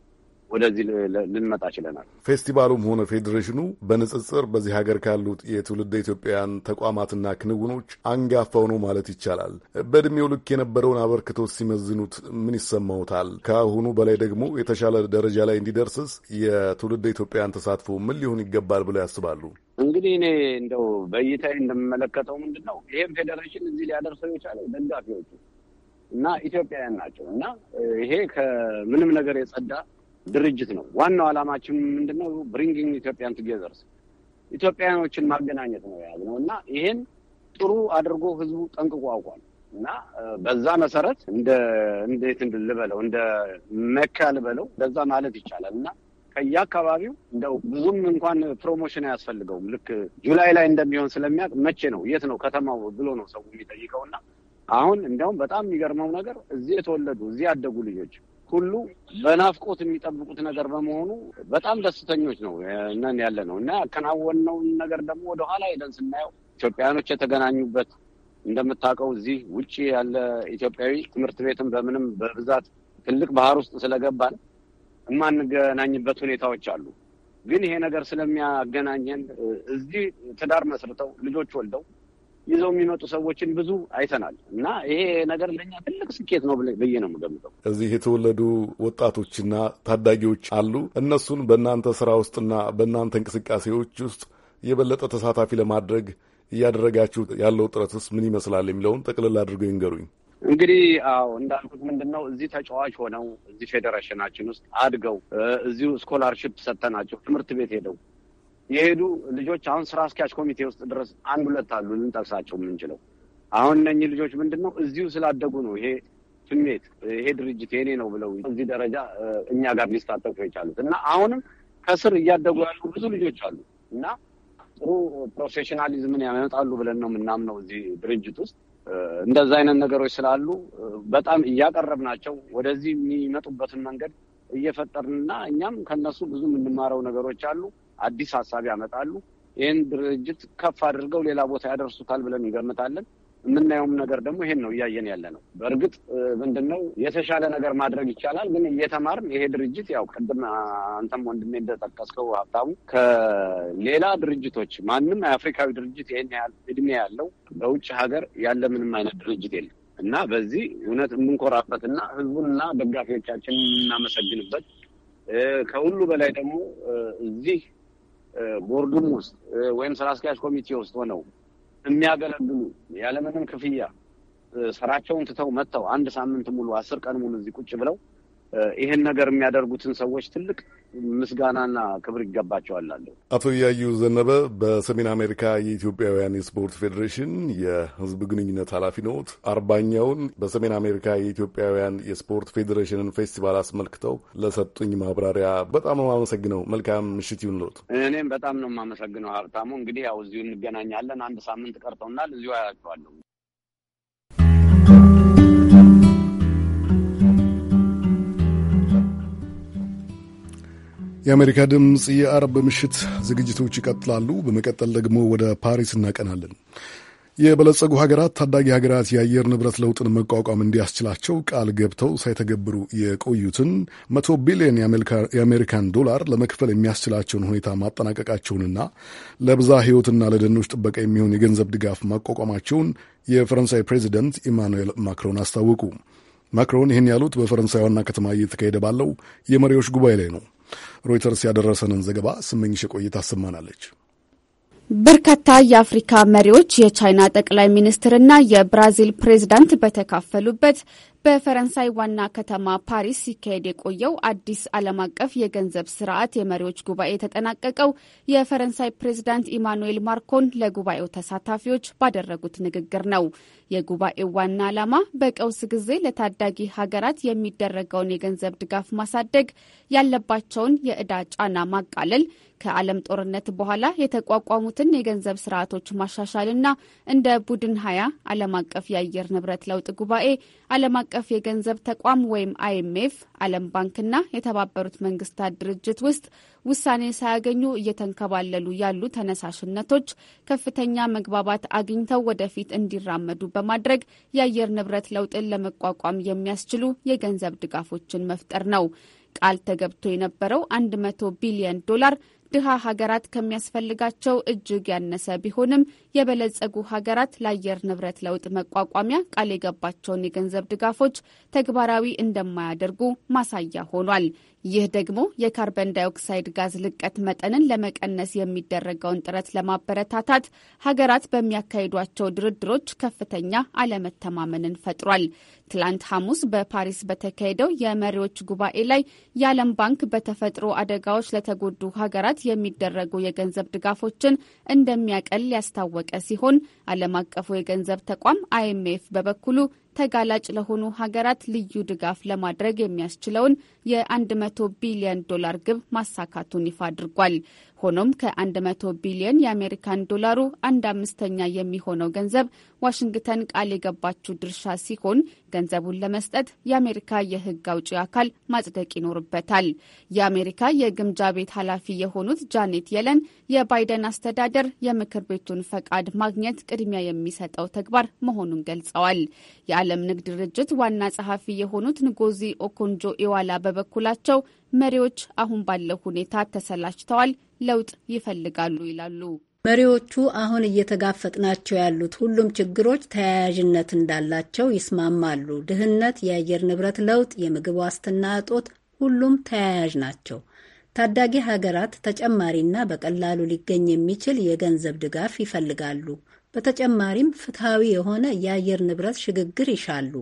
[SPEAKER 16] ወደዚህ ልንመጣ ችለናል።
[SPEAKER 1] ፌስቲቫሉም ሆነ ፌዴሬሽኑ በንጽጽር በዚህ ሀገር ካሉት የትውልድ ኢትዮጵያውያን ተቋማትና ክንውኖች አንጋፋው ነው ማለት ይቻላል። በእድሜው ልክ የነበረውን አበርክቶት ሲመዝኑት ምን ይሰማውታል? ከአሁኑ በላይ ደግሞ የተሻለ ደረጃ ላይ እንዲደርስስ የትውልድ ኢትዮጵያውያን ተሳትፎ ምን ሊሆን ይገባል ብለው ያስባሉ?
[SPEAKER 16] እንግዲህ እኔ እንደው በእይታዬ እንደምመለከተው ምንድን ነው ይህም ፌዴሬሽን እዚህ ሊያደርሰው የቻለው ደጋፊዎቹ እና ኢትዮጵያውያን ናቸው እና ይሄ ከምንም ነገር የጸዳ ድርጅት ነው። ዋናው ዓላማችን ምንድነው? ብሪንግንግ ኢትዮጵያን ቱጌዘርስ ኢትዮጵያኖችን ማገናኘት ነው የያዝነው እና ይህን ጥሩ አድርጎ ህዝቡ ጠንቅቆ አውቋል። እና በዛ መሰረት እንደ እንዴት እንድልበለው እንደ መካ ልበለው በዛ ማለት ይቻላል እና ከየአካባቢው እንደው ብዙም እንኳን ፕሮሞሽን አያስፈልገውም። ልክ ጁላይ ላይ እንደሚሆን ስለሚያውቅ መቼ ነው የት ነው ከተማው ብሎ ነው ሰው
[SPEAKER 2] የሚጠይቀው። እና
[SPEAKER 16] አሁን እንዲያውም በጣም የሚገርመው ነገር እዚህ የተወለዱ እዚህ ያደጉ ልጆች ሁሉ በናፍቆት የሚጠብቁት ነገር በመሆኑ በጣም ደስተኞች ነው እነን ያለ ነው እና ያከናወንነውን ነገር ደግሞ ወደኋላ ሄደን ስናየው ኢትዮጵያውያኖች የተገናኙበት እንደምታውቀው እዚህ ውጭ ያለ ኢትዮጵያዊ ትምህርት ቤትም በምንም በብዛት ትልቅ ባህር ውስጥ ስለገባን የማንገናኝበት ሁኔታዎች አሉ። ግን ይሄ ነገር ስለሚያገናኘን እዚህ ትዳር መስርተው ልጆች ወልደው ይዘው የሚመጡ ሰዎችን ብዙ አይተናል እና ይሄ ነገር ለእኛ ትልቅ ስኬት ነው ብዬ ነው የምገምተው።
[SPEAKER 1] እዚህ የተወለዱ ወጣቶችና ታዳጊዎች አሉ። እነሱን በእናንተ ስራ ውስጥና በእናንተ እንቅስቃሴዎች ውስጥ የበለጠ ተሳታፊ ለማድረግ እያደረጋችሁ ያለው ጥረት ውስጥ ምን ይመስላል የሚለውን ጠቅልል አድርገው ይንገሩኝ።
[SPEAKER 16] እንግዲህ አዎ እንዳልኩት ምንድን ነው እዚህ ተጫዋች ሆነው እዚህ ፌዴሬሽናችን ውስጥ አድገው እዚሁ ስኮላርሽፕ ሰጥተናቸው ትምህርት ቤት ሄደው የሄዱ ልጆች አሁን ስራ አስኪያጅ ኮሚቴ ውስጥ ድረስ አንድ ሁለት አሉ ልንጠቅሳቸው የምንችለው። አሁን እነኚህ ልጆች ምንድን ነው እዚሁ ስላደጉ ነው ይሄ ስሜት ይሄ ድርጅት የኔ ነው ብለው እዚህ ደረጃ እኛ ጋር ሊስታጠቁ የቻሉት እና አሁንም ከስር እያደጉ ያሉ ብዙ ልጆች አሉ እና ጥሩ ፕሮፌሽናሊዝምን ያመጣሉ ብለን ነው የምናምነው እዚህ ድርጅት ውስጥ እንደዛ አይነት ነገሮች ስላሉ በጣም እያቀረብናቸው ወደዚህ የሚመጡበትን መንገድ እየፈጠርንና እኛም ከነሱ ብዙ የምንማረው ነገሮች አሉ። አዲስ ሀሳብ ያመጣሉ። ይህን ድርጅት ከፍ አድርገው ሌላ ቦታ ያደርሱታል ብለን እንገምታለን። የምናየውም ነገር ደግሞ ይሄን ነው እያየን ያለ ነው። በእርግጥ ምንድን ነው የተሻለ ነገር ማድረግ ይቻላል፣ ግን እየተማርን ይሄ ድርጅት ያው ቅድም አንተም ወንድሜ እንደጠቀስከው ሀብታሙ ከሌላ ድርጅቶች ማንም የአፍሪካዊ ድርጅት ይህን ያህል እድሜ ያለው በውጭ ሀገር ያለ ምንም አይነት ድርጅት የለም እና በዚህ እውነት የምንኮራበት ህዝቡንና ደጋፊዎቻችን የምናመሰግንበት ከሁሉ በላይ ደግሞ እዚህ ቦርዱም ውስጥ ወይም ስራ አስኪያጅ ኮሚቴ ውስጥ ሆነው የሚያገለግሉ ያለምንም ክፍያ ስራቸውን ትተው መጥተው አንድ ሳምንት ሙሉ አስር ቀን ሙሉ እዚህ ቁጭ ብለው ይህን ነገር የሚያደርጉትን ሰዎች ትልቅ ምስጋናና ክብር ይገባቸዋል።
[SPEAKER 1] አቶ እያዩ ዘነበ በሰሜን አሜሪካ የኢትዮጵያውያን የስፖርት ፌዴሬሽን የሕዝብ ግንኙነት ኃላፊ ነዎት። አርባኛውን በሰሜን አሜሪካ የኢትዮጵያውያን የስፖርት ፌዴሬሽንን ፌስቲቫል አስመልክተው ለሰጡኝ ማብራሪያ በጣም ነው የማመሰግነው። መልካም ምሽት ይሁንልዎት።
[SPEAKER 16] እኔም በጣም ነው የማመሰግነው ሀብታሙ። እንግዲህ ያው እዚሁ እንገናኛለን። አንድ ሳምንት ቀርተውናል። እዚሁ አያቸዋለሁ።
[SPEAKER 1] የአሜሪካ ድምፅ የአረብ ምሽት ዝግጅቶች ይቀጥላሉ። በመቀጠል ደግሞ ወደ ፓሪስ እናቀናለን። የበለጸጉ ሀገራት ታዳጊ ሀገራት የአየር ንብረት ለውጥን መቋቋም እንዲያስችላቸው ቃል ገብተው ሳይተገብሩ የቆዩትን መቶ ቢሊዮን የአሜሪካን ዶላር ለመክፈል የሚያስችላቸውን ሁኔታ ማጠናቀቃቸውንና ለብዛ ሕይወትና ለደኖች ጥበቃ የሚሆን የገንዘብ ድጋፍ ማቋቋማቸውን የፈረንሳይ ፕሬዚደንት ኢማኑኤል ማክሮን አስታወቁ። ማክሮን ይህን ያሉት በፈረንሳይ ዋና ከተማ እየተካሄደ ባለው የመሪዎች ጉባኤ ላይ ነው። ሮይተርስ ያደረሰንን ዘገባ ስመኝሽ ቆይታ አሰማናለች።
[SPEAKER 17] በርካታ የአፍሪካ መሪዎች የቻይና ጠቅላይ ሚኒስትርና የብራዚል ፕሬዝዳንት በተካፈሉበት በፈረንሳይ ዋና ከተማ ፓሪስ ሲካሄድ የቆየው አዲስ ዓለም አቀፍ የገንዘብ ስርዓት የመሪዎች ጉባኤ የተጠናቀቀው የፈረንሳይ ፕሬዝዳንት ኢማኑኤል ማክሮን ለጉባኤው ተሳታፊዎች ባደረጉት ንግግር ነው። የጉባኤው ዋና ዓላማ በቀውስ ጊዜ ለታዳጊ ሀገራት የሚደረገውን የገንዘብ ድጋፍ ማሳደግ፣ ያለባቸውን የዕዳ ጫና ማቃለል፣ ከዓለም ጦርነት በኋላ የተቋቋሙትን የገንዘብ ስርዓቶች ማሻሻልና እንደ ቡድን ሀያ ዓለም አቀፍ የአየር ንብረት ለውጥ ጉባኤ፣ ዓለም አቀፍ የገንዘብ ተቋም ወይም አይኤምኤፍ፣ ዓለም ባንክና የተባበሩት መንግስታት ድርጅት ውስጥ ውሳኔ ሳያገኙ እየተንከባለሉ ያሉ ተነሳሽነቶች ከፍተኛ መግባባት አግኝተው ወደፊት እንዲራመዱ በማድረግ የአየር ንብረት ለውጥን ለመቋቋም የሚያስችሉ የገንዘብ ድጋፎችን መፍጠር ነው። ቃል ተገብቶ የነበረው 100 ቢሊዮን ዶላር ድሃ ሀገራት ከሚያስፈልጋቸው እጅግ ያነሰ ቢሆንም የበለጸጉ ሀገራት ለአየር ንብረት ለውጥ መቋቋሚያ ቃል የገባቸውን የገንዘብ ድጋፎች ተግባራዊ እንደማያደርጉ ማሳያ ሆኗል። ይህ ደግሞ የካርበን ዳይኦክሳይድ ጋዝ ልቀት መጠንን ለመቀነስ የሚደረገውን ጥረት ለማበረታታት ሀገራት በሚያካሂዷቸው ድርድሮች ከፍተኛ አለመተማመንን ፈጥሯል። ትላንት ሐሙስ በፓሪስ በተካሄደው የመሪዎች ጉባኤ ላይ የዓለም ባንክ በተፈጥሮ አደጋዎች ለተጎዱ ሀገራት ለመርዳት የሚደረጉ የገንዘብ ድጋፎችን እንደሚያቀል ያስታወቀ ሲሆን ዓለም አቀፉ የገንዘብ ተቋም አይኤምኤፍ በበኩሉ ተጋላጭ ለሆኑ ሀገራት ልዩ ድጋፍ ለማድረግ የሚያስችለውን የ100 ቢሊዮን ዶላር ግብ ማሳካቱን ይፋ አድርጓል። ሆኖም ከ100 ቢሊዮን የአሜሪካን ዶላሩ አንድ አምስተኛ የሚሆነው ገንዘብ ዋሽንግተን ቃል የገባችው ድርሻ ሲሆን ገንዘቡን ለመስጠት የአሜሪካ የሕግ አውጪ አካል ማጽደቅ ይኖርበታል። የአሜሪካ የግምጃ ቤት ኃላፊ የሆኑት ጃኔት የለን የባይደን አስተዳደር የምክር ቤቱን ፈቃድ ማግኘት ቅድሚያ የሚሰጠው ተግባር መሆኑን ገልጸዋል። የዓለም ንግድ ድርጅት ዋና ጸሐፊ የሆኑት ንጎዚ ኦኮንጆ ኢዋላ በበኩላቸው መሪዎች አሁን ባለው ሁኔታ ተሰላችተዋል፣ ለውጥ ይፈልጋሉ ይላሉ።
[SPEAKER 4] መሪዎቹ አሁን እየተጋፈጥናቸው ያሉት ሁሉም ችግሮች ተያያዥነት እንዳላቸው ይስማማሉ። ድህነት፣ የአየር ንብረት ለውጥ፣ የምግብ ዋስትና እጦት፣ ሁሉም ተያያዥ ናቸው። ታዳጊ ሀገራት ተጨማሪና በቀላሉ ሊገኝ የሚችል የገንዘብ ድጋፍ ይፈልጋሉ።
[SPEAKER 17] በተጨማሪም ፍትሐዊ የሆነ የአየር ንብረት ሽግግር ይሻሉ።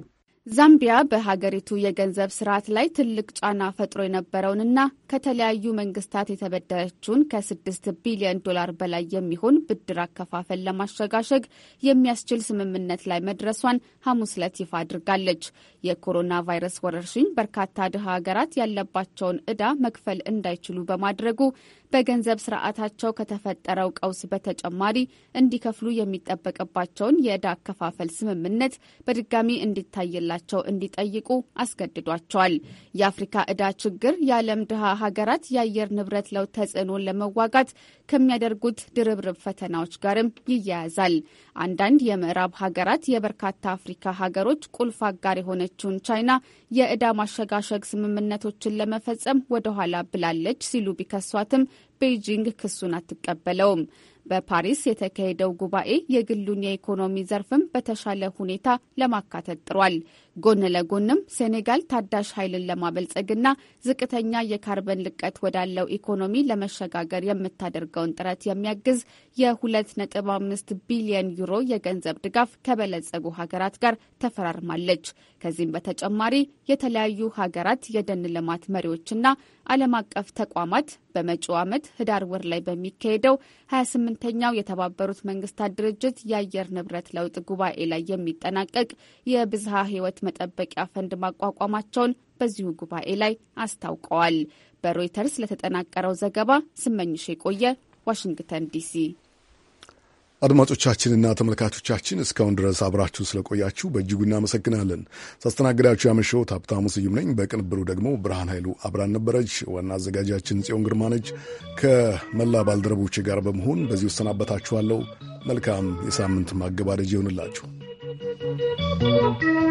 [SPEAKER 17] ዛምቢያ በሀገሪቱ የገንዘብ ስርዓት ላይ ትልቅ ጫና ፈጥሮ የነበረውንና ከተለያዩ መንግስታት የተበደረችውን ከስድስት ቢሊዮን ዶላር በላይ የሚሆን ብድር አከፋፈል ለማሸጋሸግ የሚያስችል ስምምነት ላይ መድረሷን ሐሙስ ዕለት ይፋ አድርጋለች። የኮሮና ቫይረስ ወረርሽኝ በርካታ ድሃ ሀገራት ያለባቸውን ዕዳ መክፈል እንዳይችሉ በማድረጉ በገንዘብ ስርዓታቸው ከተፈጠረው ቀውስ በተጨማሪ እንዲከፍሉ የሚጠበቅባቸውን የዕዳ አከፋፈል ስምምነት በድጋሚ እንዲታይላ እንዳላቸው እንዲጠይቁ አስገድዷቸዋል። የአፍሪካ እዳ ችግር የዓለም ድሃ ሀገራት የአየር ንብረት ለውጥ ተጽዕኖን ለመዋጋት ከሚያደርጉት ድርብርብ ፈተናዎች ጋርም ይያያዛል። አንዳንድ የምዕራብ ሀገራት የበርካታ አፍሪካ ሀገሮች ቁልፍ አጋር የሆነችውን ቻይና የእዳ ማሸጋሸግ ስምምነቶችን ለመፈጸም ወደኋላ ብላለች ሲሉ ቢከሷትም ቤይጂንግ ክሱን አትቀበለውም። በፓሪስ የተካሄደው ጉባኤ የግሉን የኢኮኖሚ ዘርፍም በተሻለ ሁኔታ ለማካተት ጥሯል። ጎን ለጎንም ሴኔጋል ታዳሽ ኃይልን ለማበልጸግና ዝቅተኛ የካርበን ልቀት ወዳለው ኢኮኖሚ ለመሸጋገር የምታደርገውን ጥረት የሚያግዝ የ2.5 ቢሊየን ዩሮ የገንዘብ ድጋፍ ከበለጸጉ ሀገራት ጋር ተፈራርማለች። ከዚህም በተጨማሪ የተለያዩ ሀገራት የደን ልማት መሪዎችና ዓለም አቀፍ ተቋማት በመጪው ዓመት ህዳር ወር ላይ በሚካሄደው 28ኛው የተባበሩት መንግስታት ድርጅት የአየር ንብረት ለውጥ ጉባኤ ላይ የሚጠናቀቅ የብዝሃ ህይወት መጠበቂያ ፈንድ ማቋቋማቸውን በዚሁ ጉባኤ ላይ አስታውቀዋል። በሮይተርስ ለተጠናቀረው ዘገባ ስመኝሽ የቆየ ዋሽንግተን ዲሲ።
[SPEAKER 1] አድማጮቻችንና ተመልካቾቻችን እስካሁን ድረስ አብራችሁን ስለቆያችሁ በእጅጉ እናመሰግናለን። ሳስተናግዳችሁ ያመሸሁት ሀብታሙ ስዩም ነኝ። በቅንብሩ ደግሞ ብርሃን ኃይሉ አብራን ነበረች። ዋና አዘጋጃችን ጽዮን ግርማ ነች። ከመላ ባልደረቦች ጋር በመሆን በዚህ እሰናበታችኋለሁ። መልካም የሳምንት ማገባደጅ ይሆንላችሁ።